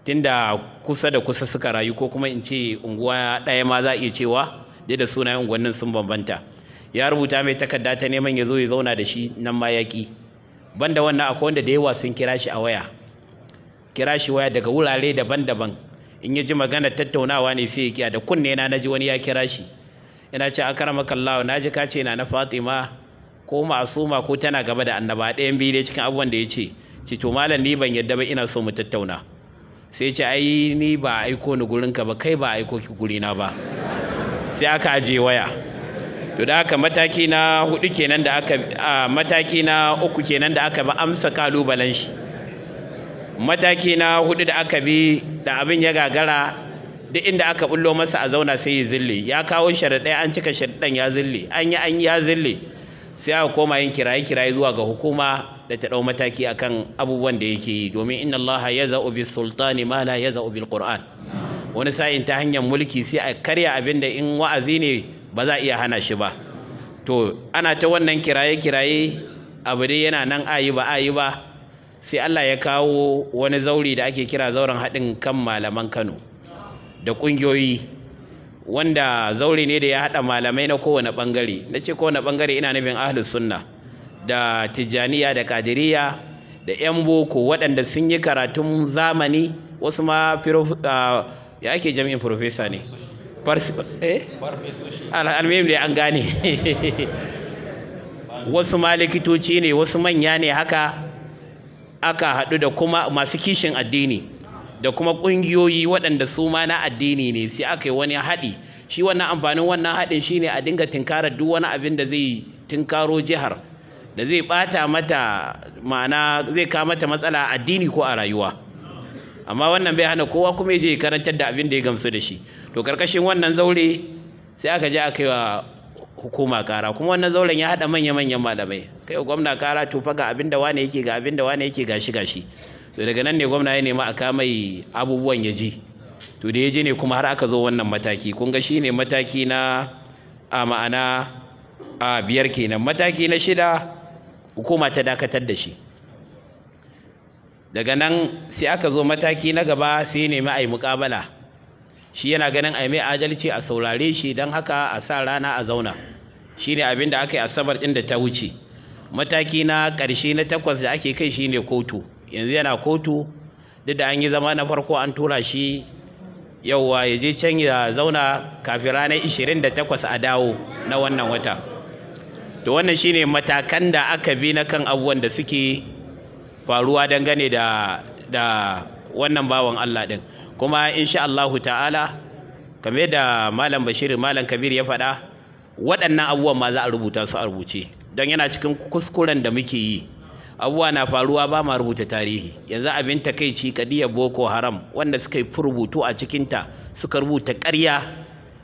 Speaker 5: tunda kusa da kusa suka rayu ko kuma in ce unguwa ɗaya ma za a iya cewa dai da sunayen unguwannin sun bambanta ya rubuta mai takarda ta neman ya zo ya zauna da shi nan ma yaƙi banda wannan akwai wanda da yawa sun kira shi a waya kira shi waya daga wurare daban-daban in ya ji magana tattaunawa ne sai ya kiya da kunne na naji wani ya kira shi yana ce akramaka Allah na ji kace na na Fatima ko ma'asuma ko tana gaba da annaba ɗayan biyu dai cikin abubuwan da ya ce ce to malam ni ban yadda ba ina so mu tattauna sai ce ai ni ba aiko ni gurin ka ba kai ba aiko ki gurina ba sai aka aje waya to da haka mataki na hudu kenan da aka mataki na uku kenan da aka ba amsa kalubalen shi mataki na hudu da aka bi da abin ya gagara duk inda aka bullo masa a zauna sai ya zille ya kawo sharaɗai an cika sharaɗan ya zilli an yi an ya zille sai aka koma yin kiraye kiraye zuwa ga hukuma da ta ɗau mataki akan abubuwan da yake yi domin inna allaha yaza'u bi sultani ma la yaza'u bil qur'an wani sa'in ta hanyar mulki sai a karya abin da in wa'azi ne ba za a iya hana shi ba to ana ta wannan kiraye kiraye abu dai yana nan ayi ba ayi ba sai Allah ya kawo wani zauri da ake kira zauren haɗin kan malaman Kano da ƙungiyoyi wanda zaure ne da ya haɗa malamai na kowane ɓangare na ce kowane ɓangare ina nufin ahlus sunna da tijjaniya da kadiriya da 'yan boko waɗanda sun yi karatun zamani wasu ma ya ake jami'in profesa ne eh? al'almim da an gane *laughs* wasu ma likitoci ne wasu manya ne haka aka haɗu da kuma masu kishin addini da kuma ƙungiyoyi waɗanda su ma na addini ne sai aka yi wani haɗi shi wannan amfanin wannan haɗin shine a dinga tinkarar duk wani abin da zai tinkaro jihar da zai ɓata mata ma'ana zai kawo mata matsala addini ko a rayuwa amma wannan bai hana kowa kuma ya je karantar da abin da ya gamsu da shi to karkashin wannan zaure sai aka je aka yi wa hukuma kara kuma wannan zauren ya haɗa manya-manyan malamai kai gwamna kara to fa ga abin da wane yake ga abin da wane yake gashi gashi to daga nan ne gwamna ya nema a kamai abubuwan ya ji to da ya je ne kuma har aka zo wannan mataki kun ga shine mataki na a ma'ana a biyar kenan mataki na shida hukuma ta dakatar da shi daga nan sai aka zo mataki na gaba sai nemi a yi muƙabala shi yana ganin a yi mai adalci a saurare shi don haka a sa rana a zauna shi ne abin da aka yi asabar ɗin da ta wuce mataki na ƙarshe na takwas da ake kai shi ne kotu yanzu yana kotu duk da an yi zama na farko an tura shi yauwa ya je can ya zauna kafin ranar 28 a dawo na wannan wata to wannan shine matakan da aka bi na kan abubuwan da suke faruwa dangane da da wannan bawan Allah din kuma insha Allahu ta'ala kamar da malam Bashir malam Kabir ya faɗa waɗannan abubuwan ma za a rubuta su a rubuce don yana cikin kuskuren da muke yi abubuwa na faruwa ba ma rubuta tarihi yanzu abin takaici kadiyar boko haram wanda suka yi rubutu a cikinta suka rubuta ƙarya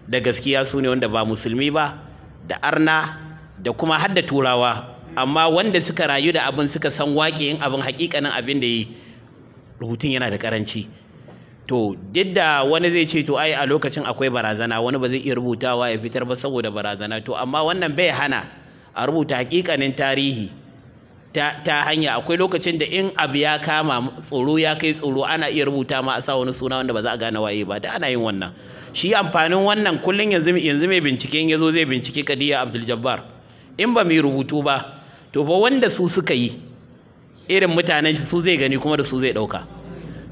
Speaker 5: da gaskiya su ne wanda ba musulmi ba da arna da kuma har turawa amma wanda suka rayu da abin suka san yin abin hakikanin abin da yi rubutun yana da karanci. to duk da wani zai ce to ai a lokacin akwai barazana wani ba zai iya rubutawa ya fitar ba saboda barazana to amma wannan bai hana a rubuta hakikanin tarihi ta, hanya akwai lokacin da in abu ya kama tsoro ya kai tsoro ana iya rubuta ma a sa wani suna wanda ba za a gane waye ba da ana yin wannan shi amfanin wannan kullun yanzu yanzu mai binciken yazo zai bincike kadiya Abdul Jabbar in ba mai rubutu ba to fa wanda su suka yi irin mutanen su zai gani kuma da su zai dauka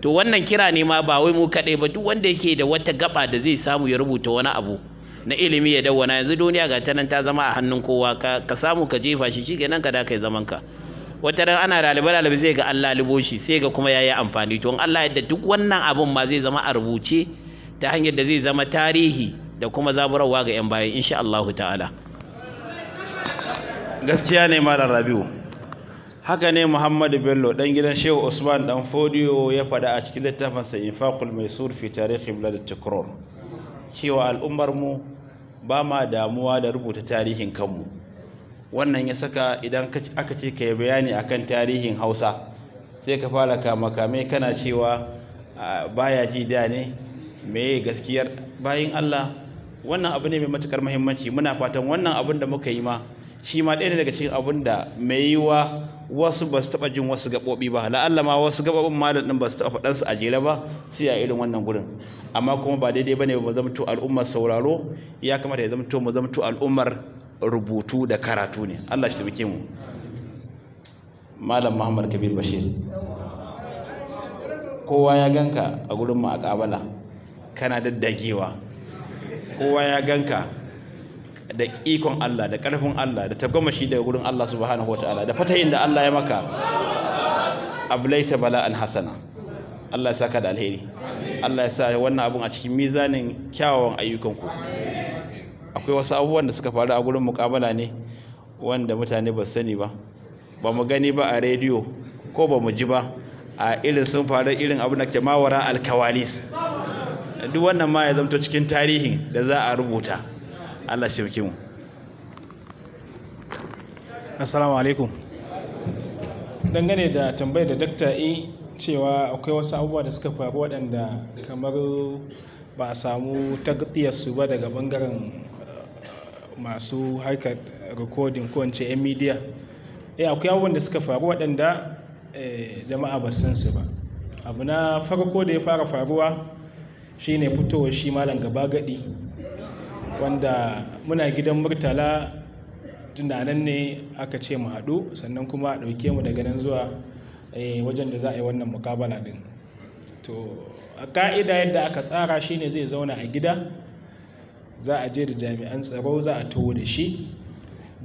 Speaker 5: to wannan kira ne ma ba wai mu kadai ba duk wanda yake da wata gaba da zai samu ya rubuta wani abu na ilimi ya dauwana, yanzu duniya ga ta nan ta zama a hannun kowa ka, samu ka jefa shi shi kenan ka da kai zaman ka wata ran ana dalibai-dalibai zai ga Allah lalibo sai ga kuma yayi amfani to Allah yadda duk wannan abun ma zai zama a rubuce ta hanyar da zai zama tarihi da kuma zaburarwa
Speaker 4: ga yan bayan insha Allah ta'ala gaskiya ne malam Rabiu haka ne Muhammadu Bello dan gidan Shehu Usman dan fodio ya faɗa a cikin littafin sa Infaqul Maisur fi tarihi bilad Tikrar cewa al'ummar mu ba ma damuwa da rubuta tarihin kanmu wannan ya saka idan aka ce ka yi bayani a kan tarihin hausa sai ka fara kame kana cewa baya ji da ne mai gaskiyar bayin allah wannan abu ne mai matukar muhimmanci muna fatan wannan abin da muka yi ma shi ma ɗaya daga cikin abin da mai yiwa wasu ba su taɓa jin wasu gaɓoɓi ba la'alla ma wasu gaɓoɓin malam ɗin ba su taɓa faɗansu a jere ba sai a irin wannan gurin amma kuma ba daidai ba ne ba zamto al'ummar sauraro ya kamata ya zamto mu zamto al'ummar rubutu da karatu ne Allah shi taimake mu Malam Muhammad Kabir Bashir kowa ya ganka a gurin mu a kabala kana da dagewa. kowa ya ganka da ikon Allah da karfin Allah da tabgamashi daga gurin Allah subhanahu wataala da fatayin da Allah ya maka ablaita bala'an hasana Allah ya saka da alheri Allah ya sa wannan abun a cikin mizanin kyawawan ayyukanku akwai wasu abubuwan da suka faru a gurin mukamala ne wanda mutane ba sani ba ba mu gani ba a rediyo ko ba mu ji ba a irin sun faru irin abin da ke mawara alkawalis duk wannan ma ya zamto cikin tarihin da za a rubuta allah shi mu
Speaker 6: assalamu alaikum dangane da tambayar da dakta e cewa akwai wasu abubuwa da suka faru waɗanda kamar ba a samu su ba daga bangaren masu harkar rikodin ko 'yan midiya eh akwai abubuwan da suka faru waɗanda eh, jama'a ba san su ba abu na farko da ya fara faruwa shine fitowar shi malam gaba gadi wanda muna gidan murtala tunanan ne aka ce mu haɗu sannan kuma a ɗauke mu daga nan zuwa eh, wajen da za a yi wannan mukabala ɗin to a ka'ida yadda aka tsara shine zai zauna a gida za a je da jami'an tsaro za a taho da shi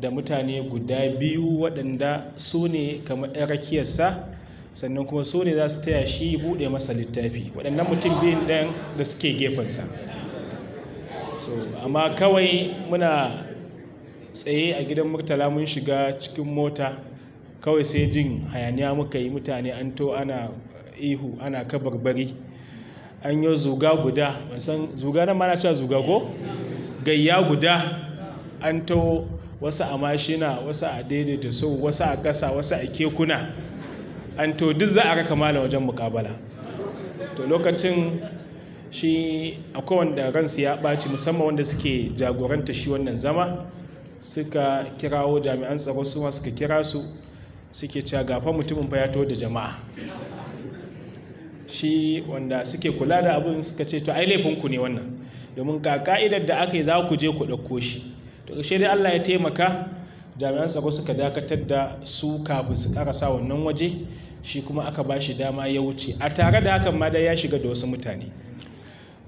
Speaker 6: da mutane guda biyu waɗanda su ne kamar 'yan rakiyarsa sannan kuma su ne za su taya shi buɗe masa littafi waɗannan mutum biyun ɗan da suke gefensa so amma kawai muna tsaye a gidan murtala mun shiga cikin mota kawai sai jin hayaniya muka yi mutane an to ana ihu ana kabarbari an yi zuga guda ban san zuga nan mana cewa zuga ko gayya guda an taho wasu a mashina wasu a daidaita so wasu a ƙasa wasu a kekuna an to duk za a raka malam wajen mukabala to lokacin shi akwai wanda ransu ya ɓaci musamman wanda suke jagoranta shi wannan zama suka kirawo jami'an tsaro suma suka kira su suke cewa gafa mutumin fa ya da jama'a shi wanda suke kula da abin suka ce to ai laifinku ne wannan domin ga ka'idar da aka yi za ku je ku ɗauko shi to ƙarshe dai Allah ya taimaka jami'an tsaro suka dakatar da su kafin su karasa wannan waje shi kuma aka ba shi dama ya wuce a tare da hakan ma dai ya shiga da wasu mutane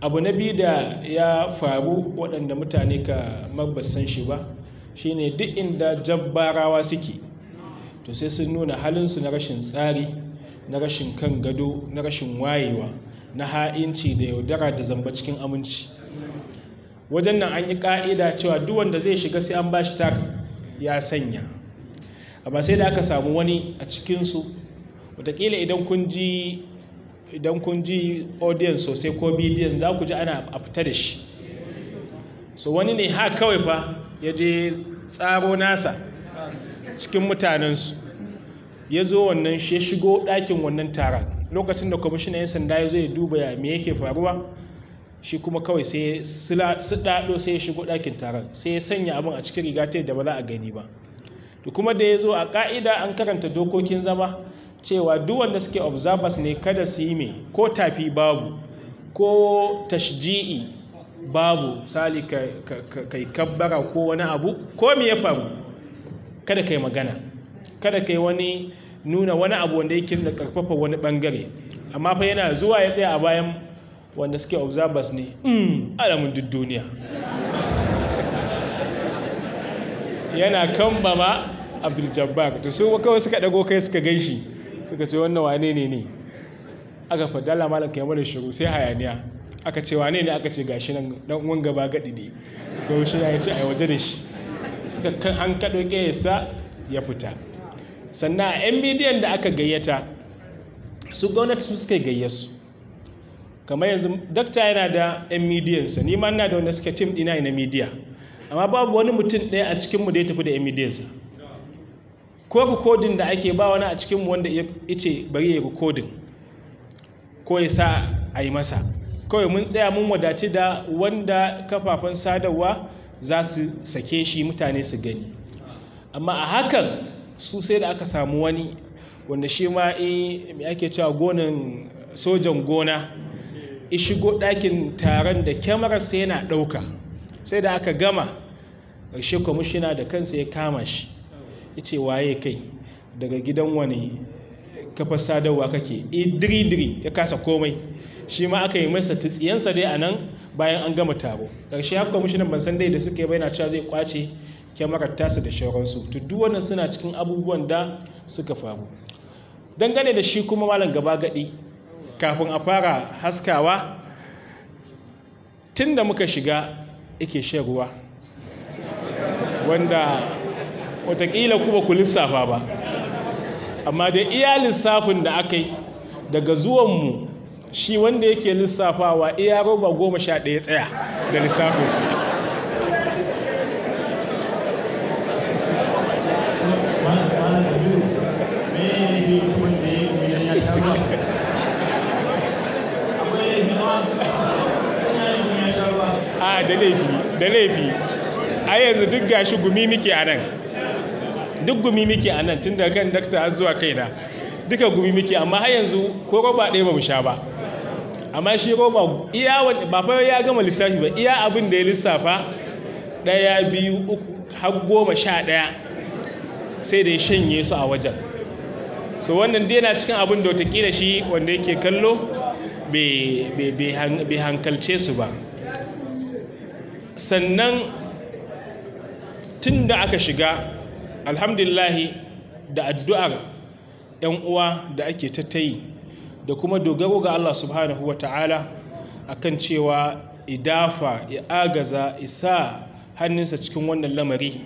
Speaker 6: abu na biyu da ya faru waɗanda mutane ka san shi ba shine duk inda jabbarawa suke to sai sun nuna halin su na rashin tsari na rashin kan gado na rashin wayewa na ha'inci da yaudara da zamba cikin aminci wajen nan an yi ƙa'ida cewa duk wanda zai shiga sai an bashi tak ya sanya amma sai da aka samu wani a cikinsu watakila idan kun ji audience sosai ko bidiyon za ku ji ana a fita da shi so wani ne ha kawai fa ya je tsaro nasa cikin mutanensu ya zo wannan shi shigo ɗakin wannan taron lokacin da kwamishinan 'yan sanda ya zo ya duba ya me yake faruwa shi kuma kawai sai su ɗaɗo sai ya shigo ɗakin taron sai ya sanya abin a cikin riga ta yadda ba za a gani ba to kuma da ya zo a ƙa'ida an karanta dokokin zama cewa duk wanda suke observers ne kada su yi mai ko tafi babu ko tashji'i babu sali kai kabbara ko wani abu ko me ya faru kada kai magana kada kai wani nuna wani abu wanda yake da karfafa wani bangare amma fa yana zuwa ya tsaya a bayan wanda suke observers ne hmm. alamun duk duniya yana kan ba ma abdul jabbar to su kawai suka dago kai suka gan shi suka ce wannan wane ne ne aka faɗi Allah malam kai mana shiru sai hayaniya aka ce wane ne aka ce gashi nan dan uwan gaba gadi ne ga shi ya ce a yi waje da shi suka kan an kaɗo ya fita sannan a yan bidiyon da aka gayyata su gwamnati su suka gayyasu kamar yanzu dakta yana da 'yan midiyansa ni ma ina da wanda suke tim ɗina na midiya amma babu wani mutum ɗaya a cikinmu da ya tafi da 'yan midiyansa ko kodin da ake ba wani a cikinmu wanda ya ce bari ya kodin ko ya sa a yi masa kawai mun tsaya mun wadaci da wanda kafafen sadarwa za su sake shi mutane su gani amma a hakan su sai da aka samu wani wanda shi ma eh, ake cewa gonan sojan gona shigo ɗakin taron da sai yana ɗauka sai da aka gama ƙarshe kwamishina da kansa ya kama shi ya ce waye kai daga gidan wani kafa sadarwa kake idiri-diri e, ya kasa komai shi ma aka yi masa tutsiyansa dai a nan bayan an gama taro ƙarshe haka kwamishinan ban san dai da suka yi bai cewa zai kwace kyamarar tasa da shauransu to wannan suna cikin abubuwan da suka faru dangane da shi kuma malam gaba gaɗi. kafin a fara haskawa tun da muka shiga ike shan ruwa wanda watakila kuma ku lissafa ba amma da iya lissafin da aka yi daga zuwanmu shi wanda yake lissafawa iya roba goma sha ɗaya tsaya da lissafinsa a da laifi da laifi a yanzu duk gashi gumi muke a nan duk gumi muke a nan tun da kan dakta har zuwa kaina duka gumi muke amma har yanzu ko roba ɗaya ba mu sha ba amma shi roba iya ba fa ya gama lissafi ba iya abin da ya lissafa ɗaya biyu uku har goma sha ɗaya sai da ya shanye su a wajen so wannan dai na cikin abin da watakila shi wanda yake kallo bai hankalce su ba sannan tun da aka shiga alhamdulillahi da addu'ar ‘yan uwa da ake tattayi da kuma dogaro ga Allah subhanahu wa ta'ala a kan cewa idafa ya agaza isa hannunsa cikin wannan lamari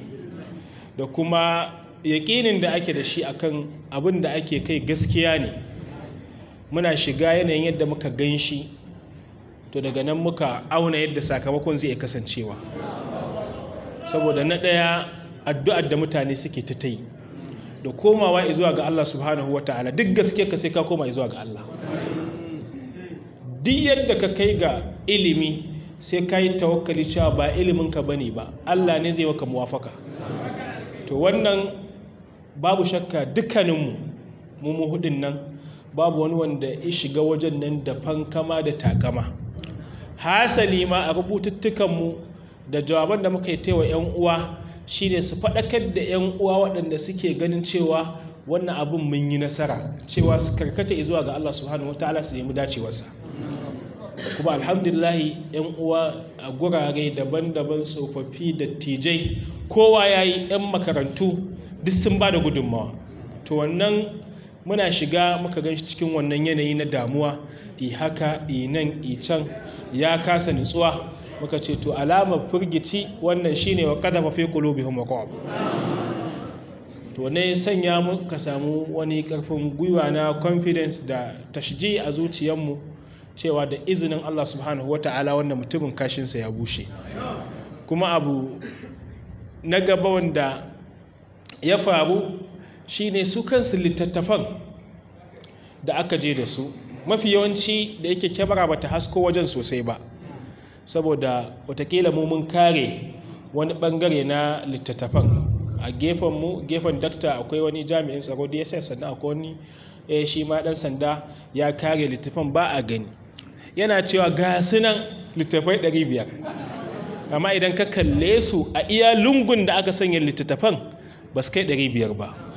Speaker 6: da kuma yaƙinin da ake da shi akan abin da ake kai gaskiya ne muna shiga yanayin yadda muka gan shi to daga nan muka auna yadda sakamakon zai kasancewa saboda na ɗaya addu'ar da mutane suke ta ta yi da komawa zuwa ga Allah subhanahu wa ta'ala duk gaske ka sai ka koma zuwa ga Allah duk yadda ka kai ga ilimi sai ka yi tawakkali cewa ba ilimin ka bane ba Allah ne zai maka muwafaka to wannan babu shakka dukkaninmu mu hudun nan babu wani wanda ya shiga wajen nan da fankama da takama hasali ma a rubututtukanmu da jawaban da muka yi wa 'yan uwa shine su faɗakar da 'yan uwa waɗanda suke ganin cewa wannan abin mun yi nasara cewa su karkata zuwa ga Allah subhanahu wataala su nemi dacewarsa kuma alhamdulillahi 'yan uwa a gurare daban-daban tsofaffi da tijai kowa ya yi 'yan makarantu duk sun ba da gudunmawa to wannan muna shiga muka gan shi cikin wannan yanayi na damuwa i haka i nan i can ya kasa nutsuwa muka ce to alamar firgici wannan shine wa qadafa fi qulubihim waqab to ne sanya muka samu wani karfin gwiwa na confidence da tashji a zuciyarmu cewa da izinin Allah subhanahu Ta'ala wannan mutumin kashinsa ya bushe kuma abu na gaba wanda ya faru Shi ne su kansu littattafan da aka je da su mafi yawanci da yake kyamara ba ta hasko wajen sosai ba saboda watakila mu mun kare wani bangare na littattafan a gefenmu gefen dakta akwai wani jami'in tsaro da ya sai sannan akwai wani ya eh, shi ma dan sanda ya kare littattafan ba a gani yana cewa ga sunan littattafai 500 amma idan ka kalle su a iya lungun da aka sanya littattafan ba su kai 500 ba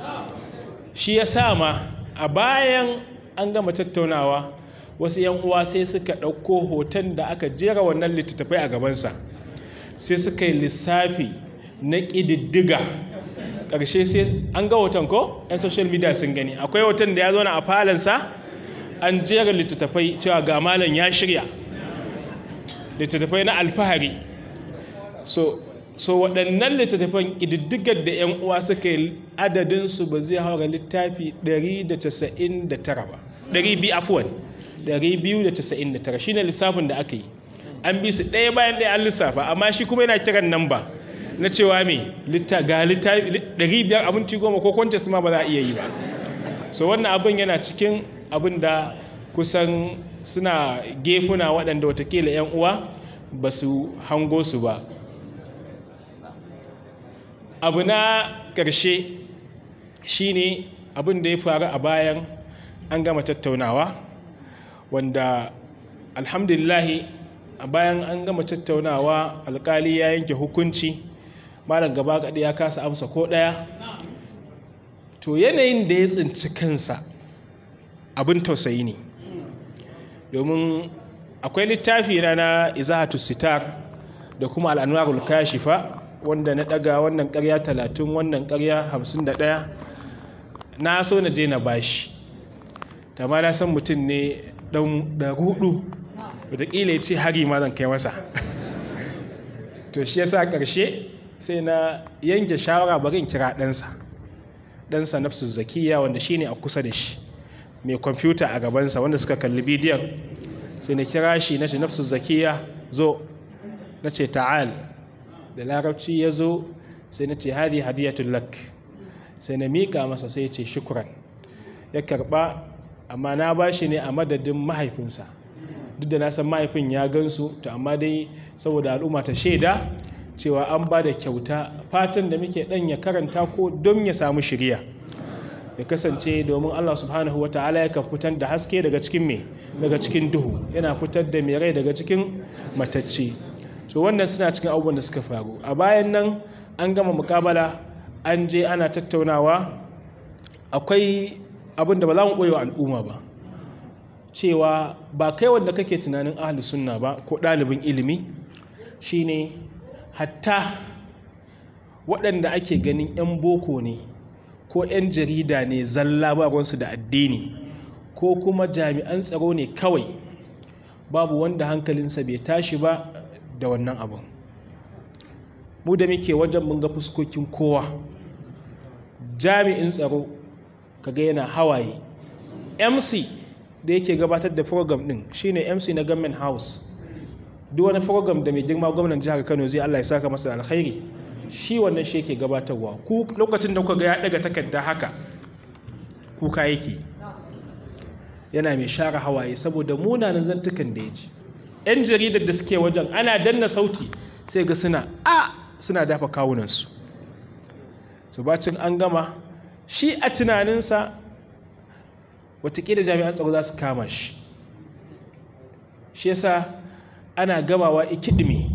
Speaker 6: shi ya sa ma a bayan an gama tattaunawa wasu yan uwa sai suka ɗauko hoton da aka jera wannan littattafai a gabansa sai suka yi lissafi na ƙididdiga ƙarshe sai an ga hoton ko 'yan social media sun gani akwai hoton da ya zo na a falansa an jera littattafai cewa ga malam ya shirya littattafai na alfahari so so waɗannan littattafan ƙididdigar da 'yan uwa suka yi adadinsu ba zai haura littafi 199 ba 200 afuwan 299 shine lissafin da aka yi an bi su ɗaya bayan ɗaya an lissafa amma shi kuma yana kiran nan ba na cewa me ga littafi 500 abinci goma ko kwanci ma ba za a iya yi ba so wannan abin yana cikin abin da kusan suna gefuna waɗanda watakila 'yan uwa ba su hango su ba abu na ƙarshe shine abin da ya faru a bayan an gama tattaunawa wanda alhamdulillahi a bayan an gama tattaunawa alkali ya yanke hukunci malam gaba kaɗi ya kasa amsa ko ɗaya to yanayin da ya tsinci kansa abin tausayi ne domin akwai littafi na na izahatu sitar da kuma al'anwarul kashifa wanda na ɗaga wannan karya talatin wannan ƙarya hamsin da ɗaya na so na je na bashi ma na san mutum ne ɗan hudu wataƙila ya ce hari ma zan kai masa *laughs* to shi yasa ƙarshe sai na yanke shawara bari in kira ɗansa ɗansa nafsu zakiya wanda shi ne a kusa da shi mai kwamfuta a gabansa wanda suka kalli bidiyon sai na kira shi na ce nafsu zakiya zo na ce ta'al da larabci ya zo sai na ce hadi hadiyatun lak sai na mika masa sai ce shukuran ya karɓa amma na ba shi ne a madadin mahaifinsa duk da na san mahaifin ya gansu to amma dai saboda al'umma ta shaida cewa an ba da kyauta fatan da muke ɗan ya karanta ko don ya samu shirya ya kasance domin Allah subhanahu wa ta'ala ya kan fitar da haske daga cikin me daga cikin duhu yana fitar da mai rai daga cikin matacce To wannan suna cikin abubuwan da suka faru a bayan nan an gama mukabala an je ana tattaunawa akwai abin da ba za mu ɓoye wa al'umma ba cewa ba kai wanda kake tunanin ahli sunna ba ko ɗalibin ilimi shine hatta waɗanda ake ganin 'yan boko ne ko 'yan jarida ne zalla babansu da addini ko kuma jami'an tsaro ne kawai babu wanda hankalinsa bai tashi ba da wannan abun mu da muke wajen mun ga fuskokin kowa jami'in tsaro kaga yana hawaye mc da yake gabatar da program din shine mc na government house duk wani program da mai girma gwamnan jihar kano zai allah ya saka masa alkhairi shi wannan shi yake gabatarwa ku lokacin da kuka ga ya daga takarda haka kuka yake yana mai share hawaye saboda munanan zantukan da ya ce. 'yan jaridar da suke wajen ana danna sauti sai ga suna a suna dafa kawunansu su ba cin an gama shi a tunaninsa watakila jami'an tsaro za su kama shi shi yasa ana gamawa ikidimi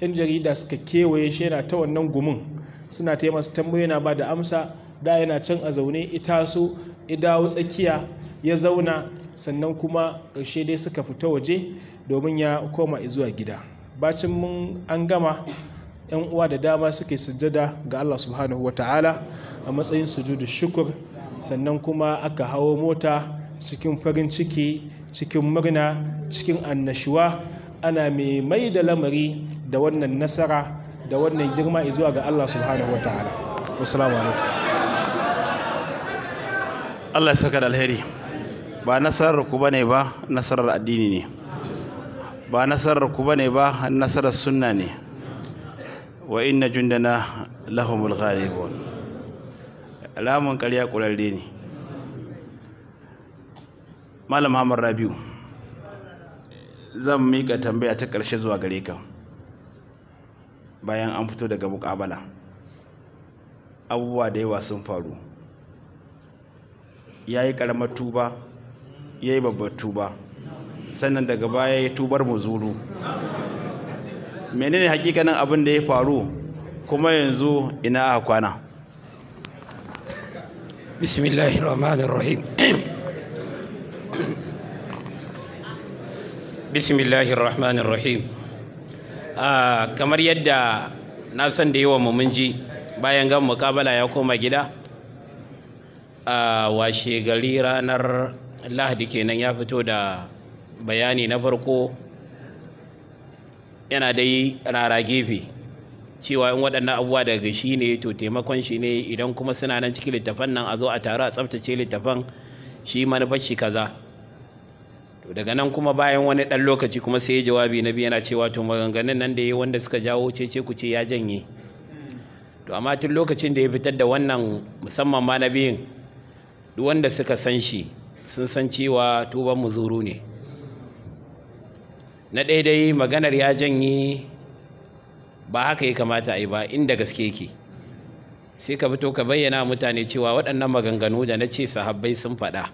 Speaker 6: yan jarida suka kewaye shi yana ta wannan gumin suna ta tambayi yana ba da amsa da yana can a zaune ita su idawu tsakiya ya zauna sannan kuma ƙarshe dai suka fita waje domin ya koma zuwa gida bacin mun an gama yan uwa da dama suke sujada ga Allah subhanahu wa ta'ala a matsayin sujudu shukur sannan kuma aka hawo mota cikin farin ciki cikin murna cikin annashuwa ana mai mai da lamari da wannan nasara da wannan girma zuwa ga Allah subhanahu wa ta'ala wasu alaikum
Speaker 4: Allah ya saka da alheri ba nasarar ku bane ba nasarar addini ne ba nasarar ku bane ba nasarar sunna ne wa inna jundana lahumul ghalibun alamun ƙarya ƙurarre ne malam hamar rabiu zan mika tambaya ta ƙarshe zuwa gare ka bayan an fito daga muƙabala abubuwa da yawa sun faru ya yi ƙaramar tuba ya yi babbar tuba sannan daga baya ya tubar mu zuru menene hakikanin abin da ya faru kuma yanzu ina a kwana
Speaker 5: bismillahirrahmanirrahim ah, kamar yadda na san da yi mun ji bayan gan mukabala ya koma gida a ah, washe gari ranar Allah lahadi kenan ya fito da bayani na farko yana da yi rara gefe cewa in waɗannan abubuwa daga shi ne to taimakon shi ne idan kuma suna nan cikin littafan nan a zo a taru a tsabtace littafan shi manufar shi kaza to daga nan kuma bayan wani ɗan lokaci kuma sai ya jawabi na biyu yana cewa to maganganun nan da ya wanda suka jawo cece ku ce ya janye to amma tun lokacin da ya fitar da wannan musamman ma na biyun duk wanda suka san shi sun san cewa tuban muzuru ne na daidai maganar ya janye ba haka ya kamata a yi ba inda gaske yake sai ka fito ka bayyana mutane cewa waɗannan maganganu da na ce sahabbai sun faɗa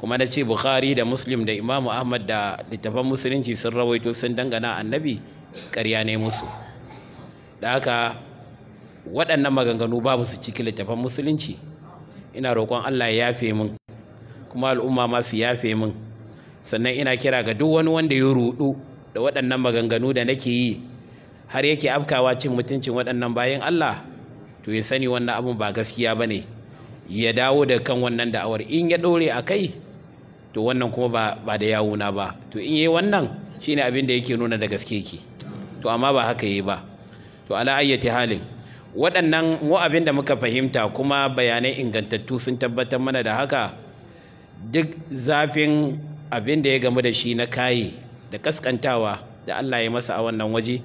Speaker 5: kuma na ce bukhari da muslim da imamu ahmad da littafan musulunci sun rawaito sun dangana annabi Karya ne musu da haka waɗannan maganganu babu su ciki littafan musulunci ina roƙon allah ya yafe min kuma al'umma ma su yafe min sannan ina kira ga duk wani wanda ya rudu da waɗannan maganganu da nake yi har yake afkawa cin mutuncin waɗannan bayan Allah to ya sani wannan abun ba gaskiya bane ya dawo da kan wannan da'awar in ya dore a kai to wannan kuma ba ba da yawuna ba to in yi wannan shine abin da yake nuna da gaske ki to amma ba haka yi ba to ala ayyati halin waɗannan mu abin da muka fahimta kuma bayanai ingantattu sun tabbatar mana da haka duk zafin abin da ya gamu da shi na kaye da kaskantawa da Allah ya masa a wannan waje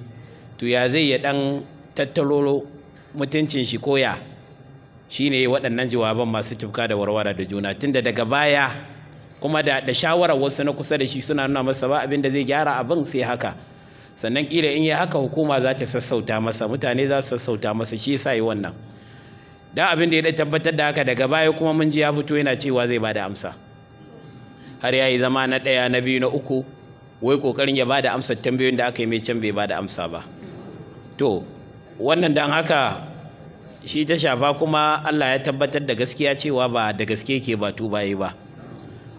Speaker 5: to ya zai ya dan tattalo mutuncin shi koya shine waɗannan jawaban masu tufka da warwara da juna tunda daga baya kuma da da shawarar wasu na kusa da shi suna nuna masa ba abin da zai gyara abin sai haka sannan kila in ya haka hukuma za ta sassauta masa mutane za su sassauta masa shi yasa yi wannan da abin da ya tabbatar da haka daga baya kuma mun ji ya fito yana cewa zai bada amsa har ya yi zama na ɗaya na biyu na uku wai ƙoƙarin ya ba da amsar tambayoyin da aka yi mai can bai ba da amsa ba to wannan don haka shi ta shafa kuma Allah ya tabbatar da gaskiya cewa ba da gaske ke ba tubaye ba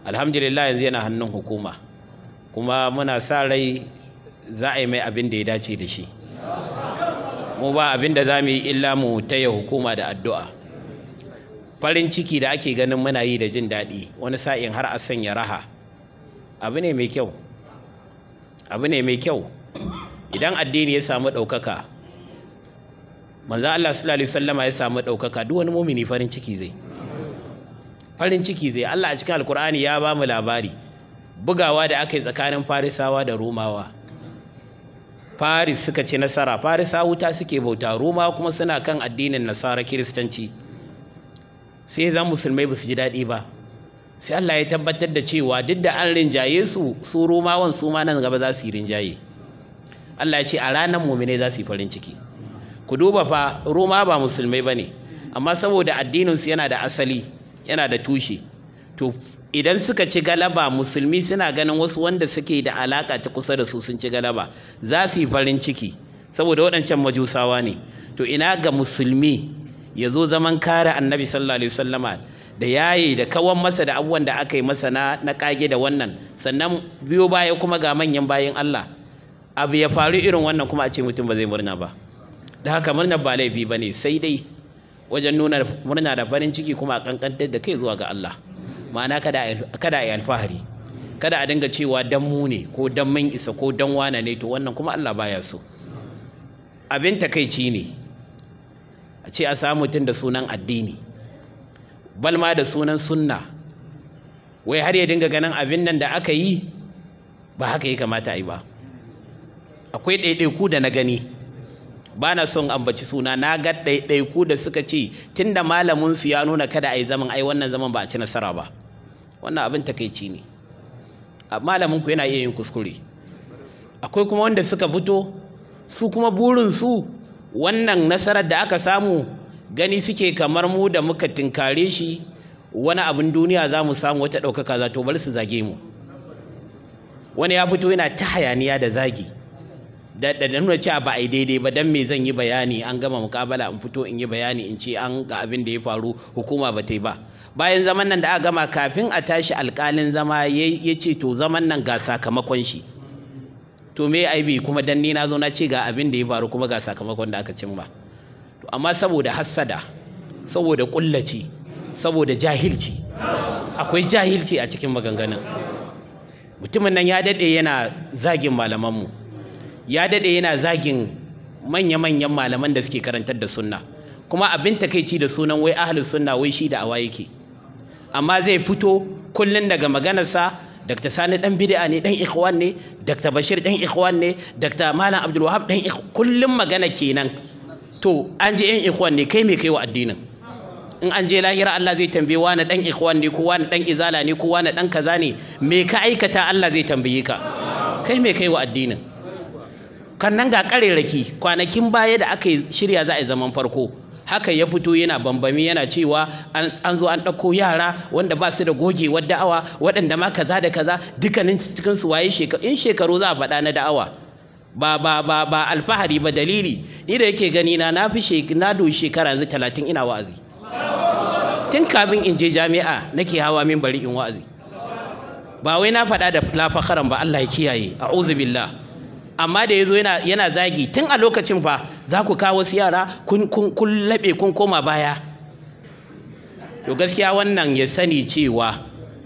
Speaker 5: alhamdulillah yanzu yana hannun hukuma kuma muna sa rai za a yi mai abin da ya dace da shi mu ba abin da za mu yi illa mu taya hukuma da addu'a farin ciki da ake ganin muna yi da jin daɗi wani sa'in har a sanya raha abu ne mai kyau abu ne mai kyau idan addini ya samu ɗaukaka manzan Allah sallallahu alaihi wasallama ya samu ɗaukaka duk wani mumini farin ciki zai farin ciki zai Allah a cikin alkur'ani ya ba mu labari bugawa da aka yi tsakanin farisawa da romawa faris suka ci nasara farisa wuta suke bauta romawa kuma suna kan addinin nasara kiristanci sai zan musulmai ba su ji daɗi ba sai Allah ya tabbatar da cewa duk da an rinjaye su su romawan su ma nan gaba za su yi rinjaye Allah ya ce a ranar muminai za su yi farin ciki ku duba fa roma ba musulmai ba ne amma saboda addininsu yana da asali yana da tushe to idan suka ci galaba musulmi suna ganin wasu wanda suke da alaka ta kusa da su sun ci galaba za su yi farin ciki saboda waɗancan majusawa ne to ina ga musulmi ya zo zaman kare annabi sallallahu alaihi wasallama da yayi da kawan masa da abubuwan da aka yi masa na na kage da wannan sannan biyo baya kuma ga manyan bayin Allah abu ya faru irin wannan kuma a ce mutum ba zai murna ba da haka murna ba laifi ba ne sai dai wajen nuna murna da farin ciki kuma a kankantar da kai zuwa ga Allah ma'ana kada kada yi alfahari kada a dinga cewa dan mu ne ko dan mun isa ko dan wana ne to wannan kuma Allah baya so abin takeici ne a ce a samu tun da sunan addini balma da sunan sunna wai har ya dinga ganin abin nan da aka yi ba haka ya kamata a yi ba akwai ɗaiɗaiku da na gani ba na son ambaci suna na ga ɗaiɗaiku da suka ce tun da malaminsu ya nuna kada a yi zaman ai wannan zaman ba a ci nasara ba wannan abin takaici ne malaminku yana iya yin kuskure akwai kuma wanda suka fito su kuma burinsu wannan nasarar da aka samu gani suke kamar mu da muka tinkare shi wani abin duniya za mu samu wata ɗaukaka za to bari su zage mu wani ya fito yana ta hayaniya da zagi da da nuna cewa ba a yi daidai ba dan me zan yi bayani an gama mukabala in fito in yi bayani in ce an ga abin da ya faru hukuma ba ta yi ba bayan zaman nan da aka gama kafin a tashi alƙalin zama ya ce to zaman nan ga sakamakon shi to me bi kuma dan ni na zo na ce ga abin da ya faru kuma ga sakamakon da aka ma. to amma saboda hassada saboda kullaci saboda jahilci akwai jahilci a cikin maganganun mutumin nan ya dade yana zagin malamanmu ya dade yana zagin manya-manyan malaman da suke karantar da sunna kuma abin takaici da sunan wai ahlus sunna wai shi da awa yake amma zai fito kullun daga maganarsa Dr. Sani ɗan bid'a ne dan ikhwan ne Dr. Bashir dan ikhwan ne Dr. Malam Abdul Wahab dan kullum magana kenan to an je yan ikhwan ne kai me kai wa addinin in an je lahira Allah zai tambaye wani dan ikhwan ne ko wani dan izala ne ko wani dan kaza ne me ka aikata Allah zai tambaye ka kai me kai wa addinin kan nan ga raki kwanakin baya da aka shirya za a yi zaman farko haka ya fito yana bambami yana cewa an zo an ɗauko yara wanda ba su da gogewar da'awa waɗanda ma kaza da kaza dukkanin cikin su waye shekaru in shekaru za a faɗa na da'awa ba ba ba ba alfahari ba dalili ni da yake gani na na fi na do shekara yanzu talatin ina wa'azi tun kafin in je jami'a nake hawa min bari in wa'azi ba wai na faɗa da lafakaran ba Allah ya kiyaye a'udhu billah amma da yazo yana yana zagi tun a lokacin fa za ku kawo wasu yara kun laɓe kun koma baya to gaskiya wannan ya sani cewa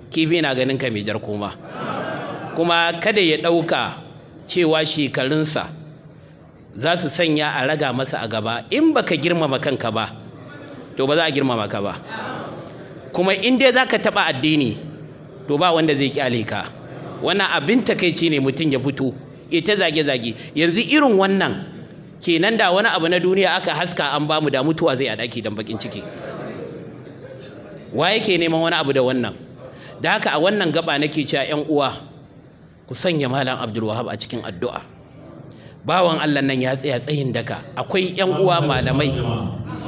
Speaker 5: kifi na ganin ka mai koma kuma kada ya ɗauka cewa shekarunsa za su sanya a raga masa a gaba in baka girmama kanka ba to ba za a girmama ka ba kuma in dai za ka taɓa addini to ba wanda zai kyale ka wannan abin takaici ne mutum ya fito ita zage-zage yanzu irin wannan kenan da wani abu na duniya aka haska an bamu da mutuwa zai a daki dan bakin ciki wa yake neman wani abu da wannan da haka a wannan gaba nake cewa 'yan uwa ku sanya malam Abdul a cikin addu'a bawan Allah nan ya tsaya tsayin daka akwai 'yan uwa malamai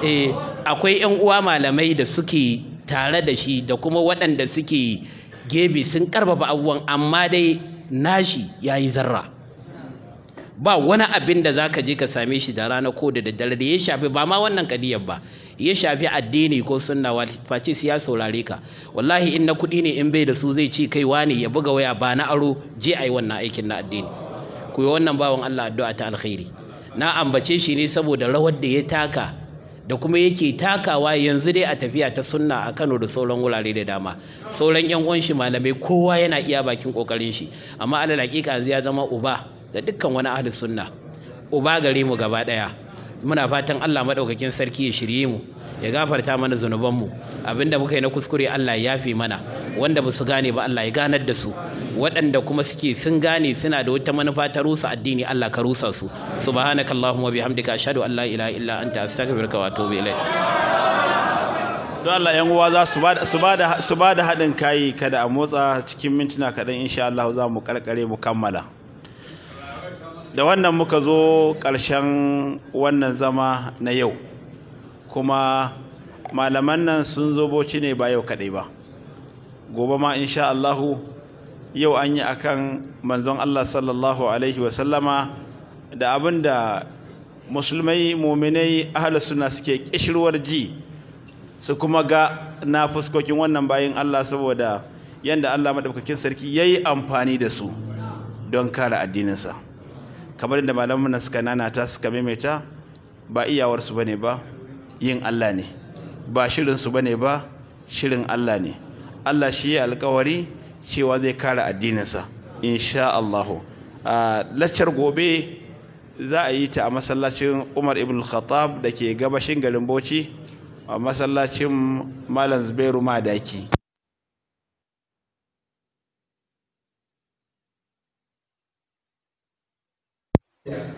Speaker 5: eh, akwai yan uwa malamai da suke tare da shi da kuma waɗanda suke gebe sun karfafa abubuwan amma dai nashi ya yi zarra ba wani abin da za ka je ka same shi da rana ko da daddare da ya shafi ba ma wannan kadiyar ba ya shafi addini ko sunna face su ya saurare ka wallahi in na kuɗi ne in bai da su zai ci kai wani ya buga waya ba na aro je a yi wannan aikin na addini ku yi wannan bawan Allah addu'a ta alkhairi na ambace shi ne saboda rawar da ya taka da kuma yake takawa yanzu dai a tafiya ta sunna a Kano da sauran wurare da dama sauran yan uwan shi malamai kowa yana iya bakin kokarin shi amma alal hakika yanzu ya zama uba da dukkan wani ahli sunna uba gare mu gaba daya muna fatan Allah madaukakin sarki ya shirye mu ya gafarta mana zunuban mu abinda muka yi na kuskure Allah ya yafe mana wanda ba su gane ba Allah ya ganar da su waɗanda kuma suke sun gane suna da wata manufa ta rusa addini Allah ka rusa su subhanakallahumma bihamdika ashhadu an la ilaha illa anta astaghfiruka wa atubu ilaik
Speaker 4: to Allah yan uwa za su ba da haɗin kayi kada a motsa cikin mintuna kaɗan insha Allah za mu karkare mu kammala da wannan muka zo ƙarshen wannan zama na yau kuma malaman nan sun zo boci ne ba yau kaɗai ba gobe ma insha Allahu yau an yi akan manzon Allah sallallahu alaihi wasallama da abin da musulmai muminai ahal suna suke ƙishirwar ji su kuma ga na fuskokin wannan bayin Allah saboda yanda Allah maɗaukakin sarki ya yi amfani da su don kare addininsa. kamar da malamu na suka ta suka maimaita ba iyawarsu bane ba yin Allah ne ba shirinsu bane ba shirin Allah ne Allah shi ya alkawari cewa zai kare addininsa insha Allah laccar gobe za a yi ta a masallacin Umar ibn Khattab da ke gabashin garin Bauchi a masallacin Malam Zubairu Madaki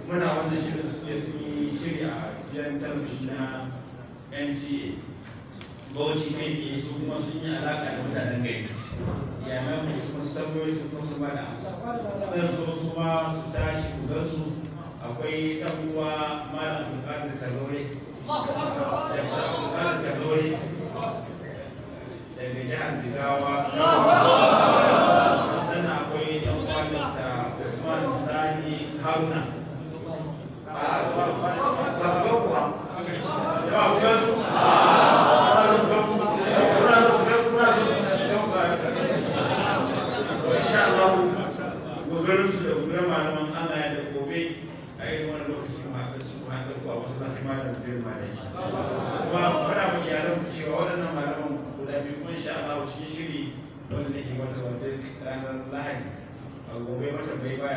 Speaker 4: muna wannan shirin suke sun yi shiri a gidan talabijin na nca bauchi kai tsaye su kuma sun yi alaƙa da mutanen gari yanan su kuma su tambayoyi su kuma su ba da amsa zan so su ma su tashi kudansu akwai ɗan uwa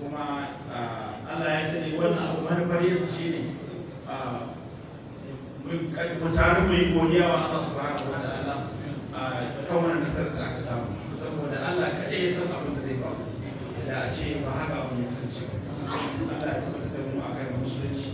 Speaker 4: kuma ah, Allah ya sani wannan abu manufar yanzu shi ne ah, mu tare mu yi godiya wa Allah fara wa Allah kan wannan nasar da aka samu saboda Allah kaɗai ya san abin da zai ba da a ce ba haka abin ya kasance ba Allah ya taɓa tafi mu akan musulunci